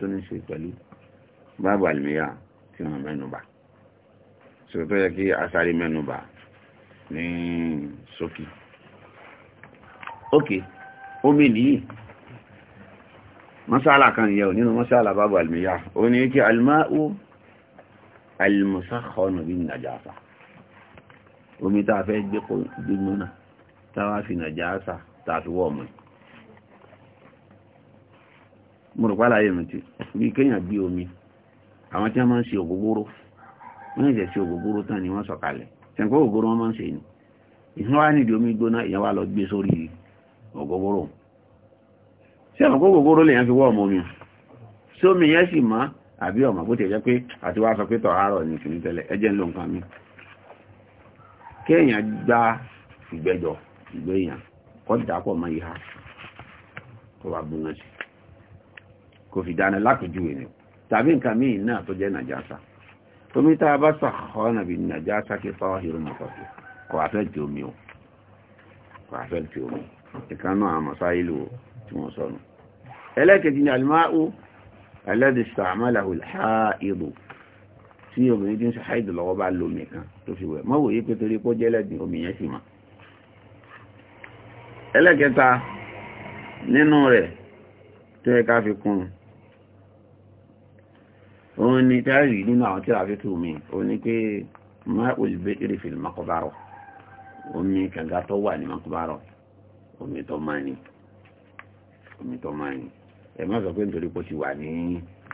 A: tó ní ṣe pẹ̀lú báàbù ókè omi nìyí masala kan yẹ nínú masala babu almiya ó ní kí alma'u almusakhkhanu bin najasa omi tá a fẹ́ gbé kó gbígbóná táwa fi nàjàásà tá a fi wọ́ ọmọ mo rò pálá yẹn mi ti bí kéèyàn bí omi àwọn tí wọ́n gbóná ìyẹn wá lọ gbé sórí ogogoro sí àwọn lè fi wọ́ ọmọ omi sómi yẹn sì má àbí ọmọ bó tẹ̀ jẹ́ pé àti wá sọ pé tọ̀ àárọ̀ ní tẹ́lẹ̀ ẹjẹ́ ń mi kéèyàn gba ìgbẹ́jọ ìgbéyàn kọ́ dàpọ̀ mọ́ ìhà kó wà gbóná sí kò fi dáná lápèjúwe ni tàbí nǹkan náà tó jẹ́ omi tá a bá sàkọ́ nàbí kí fáwọn sí kò àfẹ́ tí omi o kò àfẹ́ tí omi o ìkánú àmọ́sá ìlú tí wọ́n sọ́nù ẹlẹ́kẹ̀ẹ́jì ni almáhù alẹ́dìsà àmàlàhù ìlú tí obìnrin tí ń ṣàìdù lọ́wọ́ bá lómi kan tó fi wẹ̀ mọ́wò yí pé torí kó jẹ́ lẹ́dìn omi yẹn sì mọ́ ẹlẹ́kẹta nínú rẹ̀ tó yẹ ká fi kún òun omi tó máa ní omi tó máa ní ẹ má sọ pé nítorí pé ó ti wà ní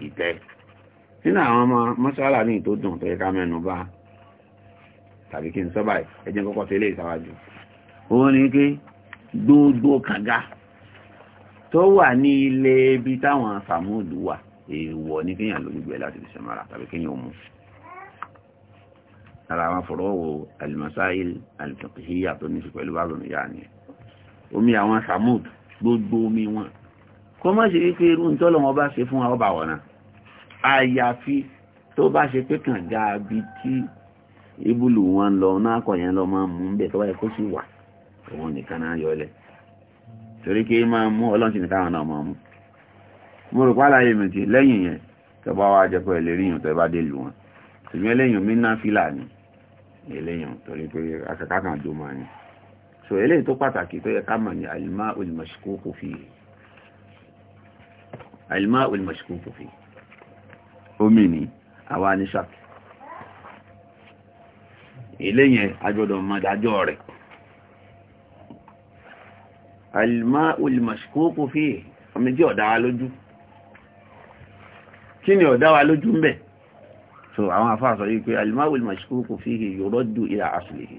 A: ìtẹ́ nínú àwọn ọmọ mọ́ṣálà ní ìtó dùn tó yẹ ká mẹ́nu bá tàbí kí n sọ báyìí ẹ jẹ́ kọ́kọ́ tẹ́lẹ̀ ìsáwájú ó ní pé gbogbo kànga tó wà ní ilé ibi táwọn fàmúdù wà èèwọ̀ ní kíyàn ló gbígbẹ̀ láti fi ṣẹmọ́ra tàbí kíyàn mú ara àwọn fọ̀rọ̀wò alìmọ̀sáìl alìtọ̀kìhíyà tó ní sí pẹ̀lú bá lónìí yà ni omi àwọn samud gbogbo omi wọn kó má ṣe wípé irú ń tọ́lọ̀ wọn bá ṣe fún ọba wọ̀nà àyàfi tó bá ṣe pé kànga bí tí ibùlù wọn lọ náà kọ̀ yẹn lọ máa mú bẹ́ẹ̀ tó bá yẹ kó sì wà òun nìkan náà yọ lẹ̀ torí kí máa mú ọlọ́run sì ní káwọn náà máa mú mo rò pálá yẹn mìtì lẹ́yìn yẹn tó bá wá jẹ́ ẹlẹ́rìí yẹn tó bá dé lù wọn ṣùgbọ́n ẹlẹ́yìn mi ná fìlà ni ẹlẹ́yìn torí pé akẹ́kọ̀ọ́ kan dó máa ní so eléyìí tó pàtàkì tó yẹ ká mọ̀ ní al-ma'ul mashkuku fihi al-ma'ul mashkuku fihi omi ni àwa ní ṣàkì eléyìn agbọ́dọ̀ mọ̀dájọ́ rẹ̀ al-ma'ul mashkuku fihi omi jẹ́ ọ̀dá wa lójú kí ni wa lójú ń bẹ̀ so àwọn afáàsọ yìí pé al-ma'ul mashkuku fihi yuraddu ila aslihi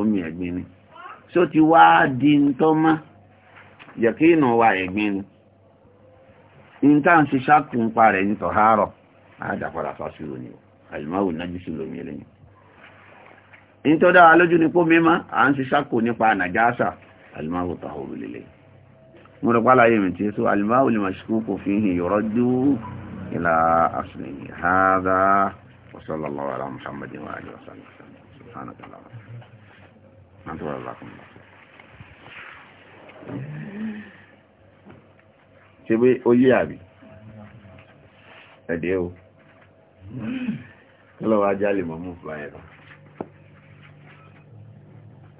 A: omi ẹ̀gbin ni ṣó ti wá di ń tọ́ mọ́ yẹ̀kínù wa ẹ̀gbin ni in tá ń ṣe ṣákùn pa rẹ̀ ní tọ̀hárọ̀ àádàpadà fásúrò ni àìmáwò nájúsù lómi eléyìn in tó dára lójú ní kó mímá à ń ṣe ṣákùn nípa nàjásà àìmáwò tọ̀hóró lélẹ̀ mo rọ̀ pálàyé mi tí so àìmáwò lè mọ̀ṣíkú kò fi hìn yọ̀rọ̀ jú ìlà àṣìlẹ̀ hádà wasallallahu ala muhammadin wa alihi wa sallam subhanahu wa ta'ala Nanti wala lakum. Ṣé pé ó yé àbí? Ẹ̀dẹ́ o. Kí lọ wá jálè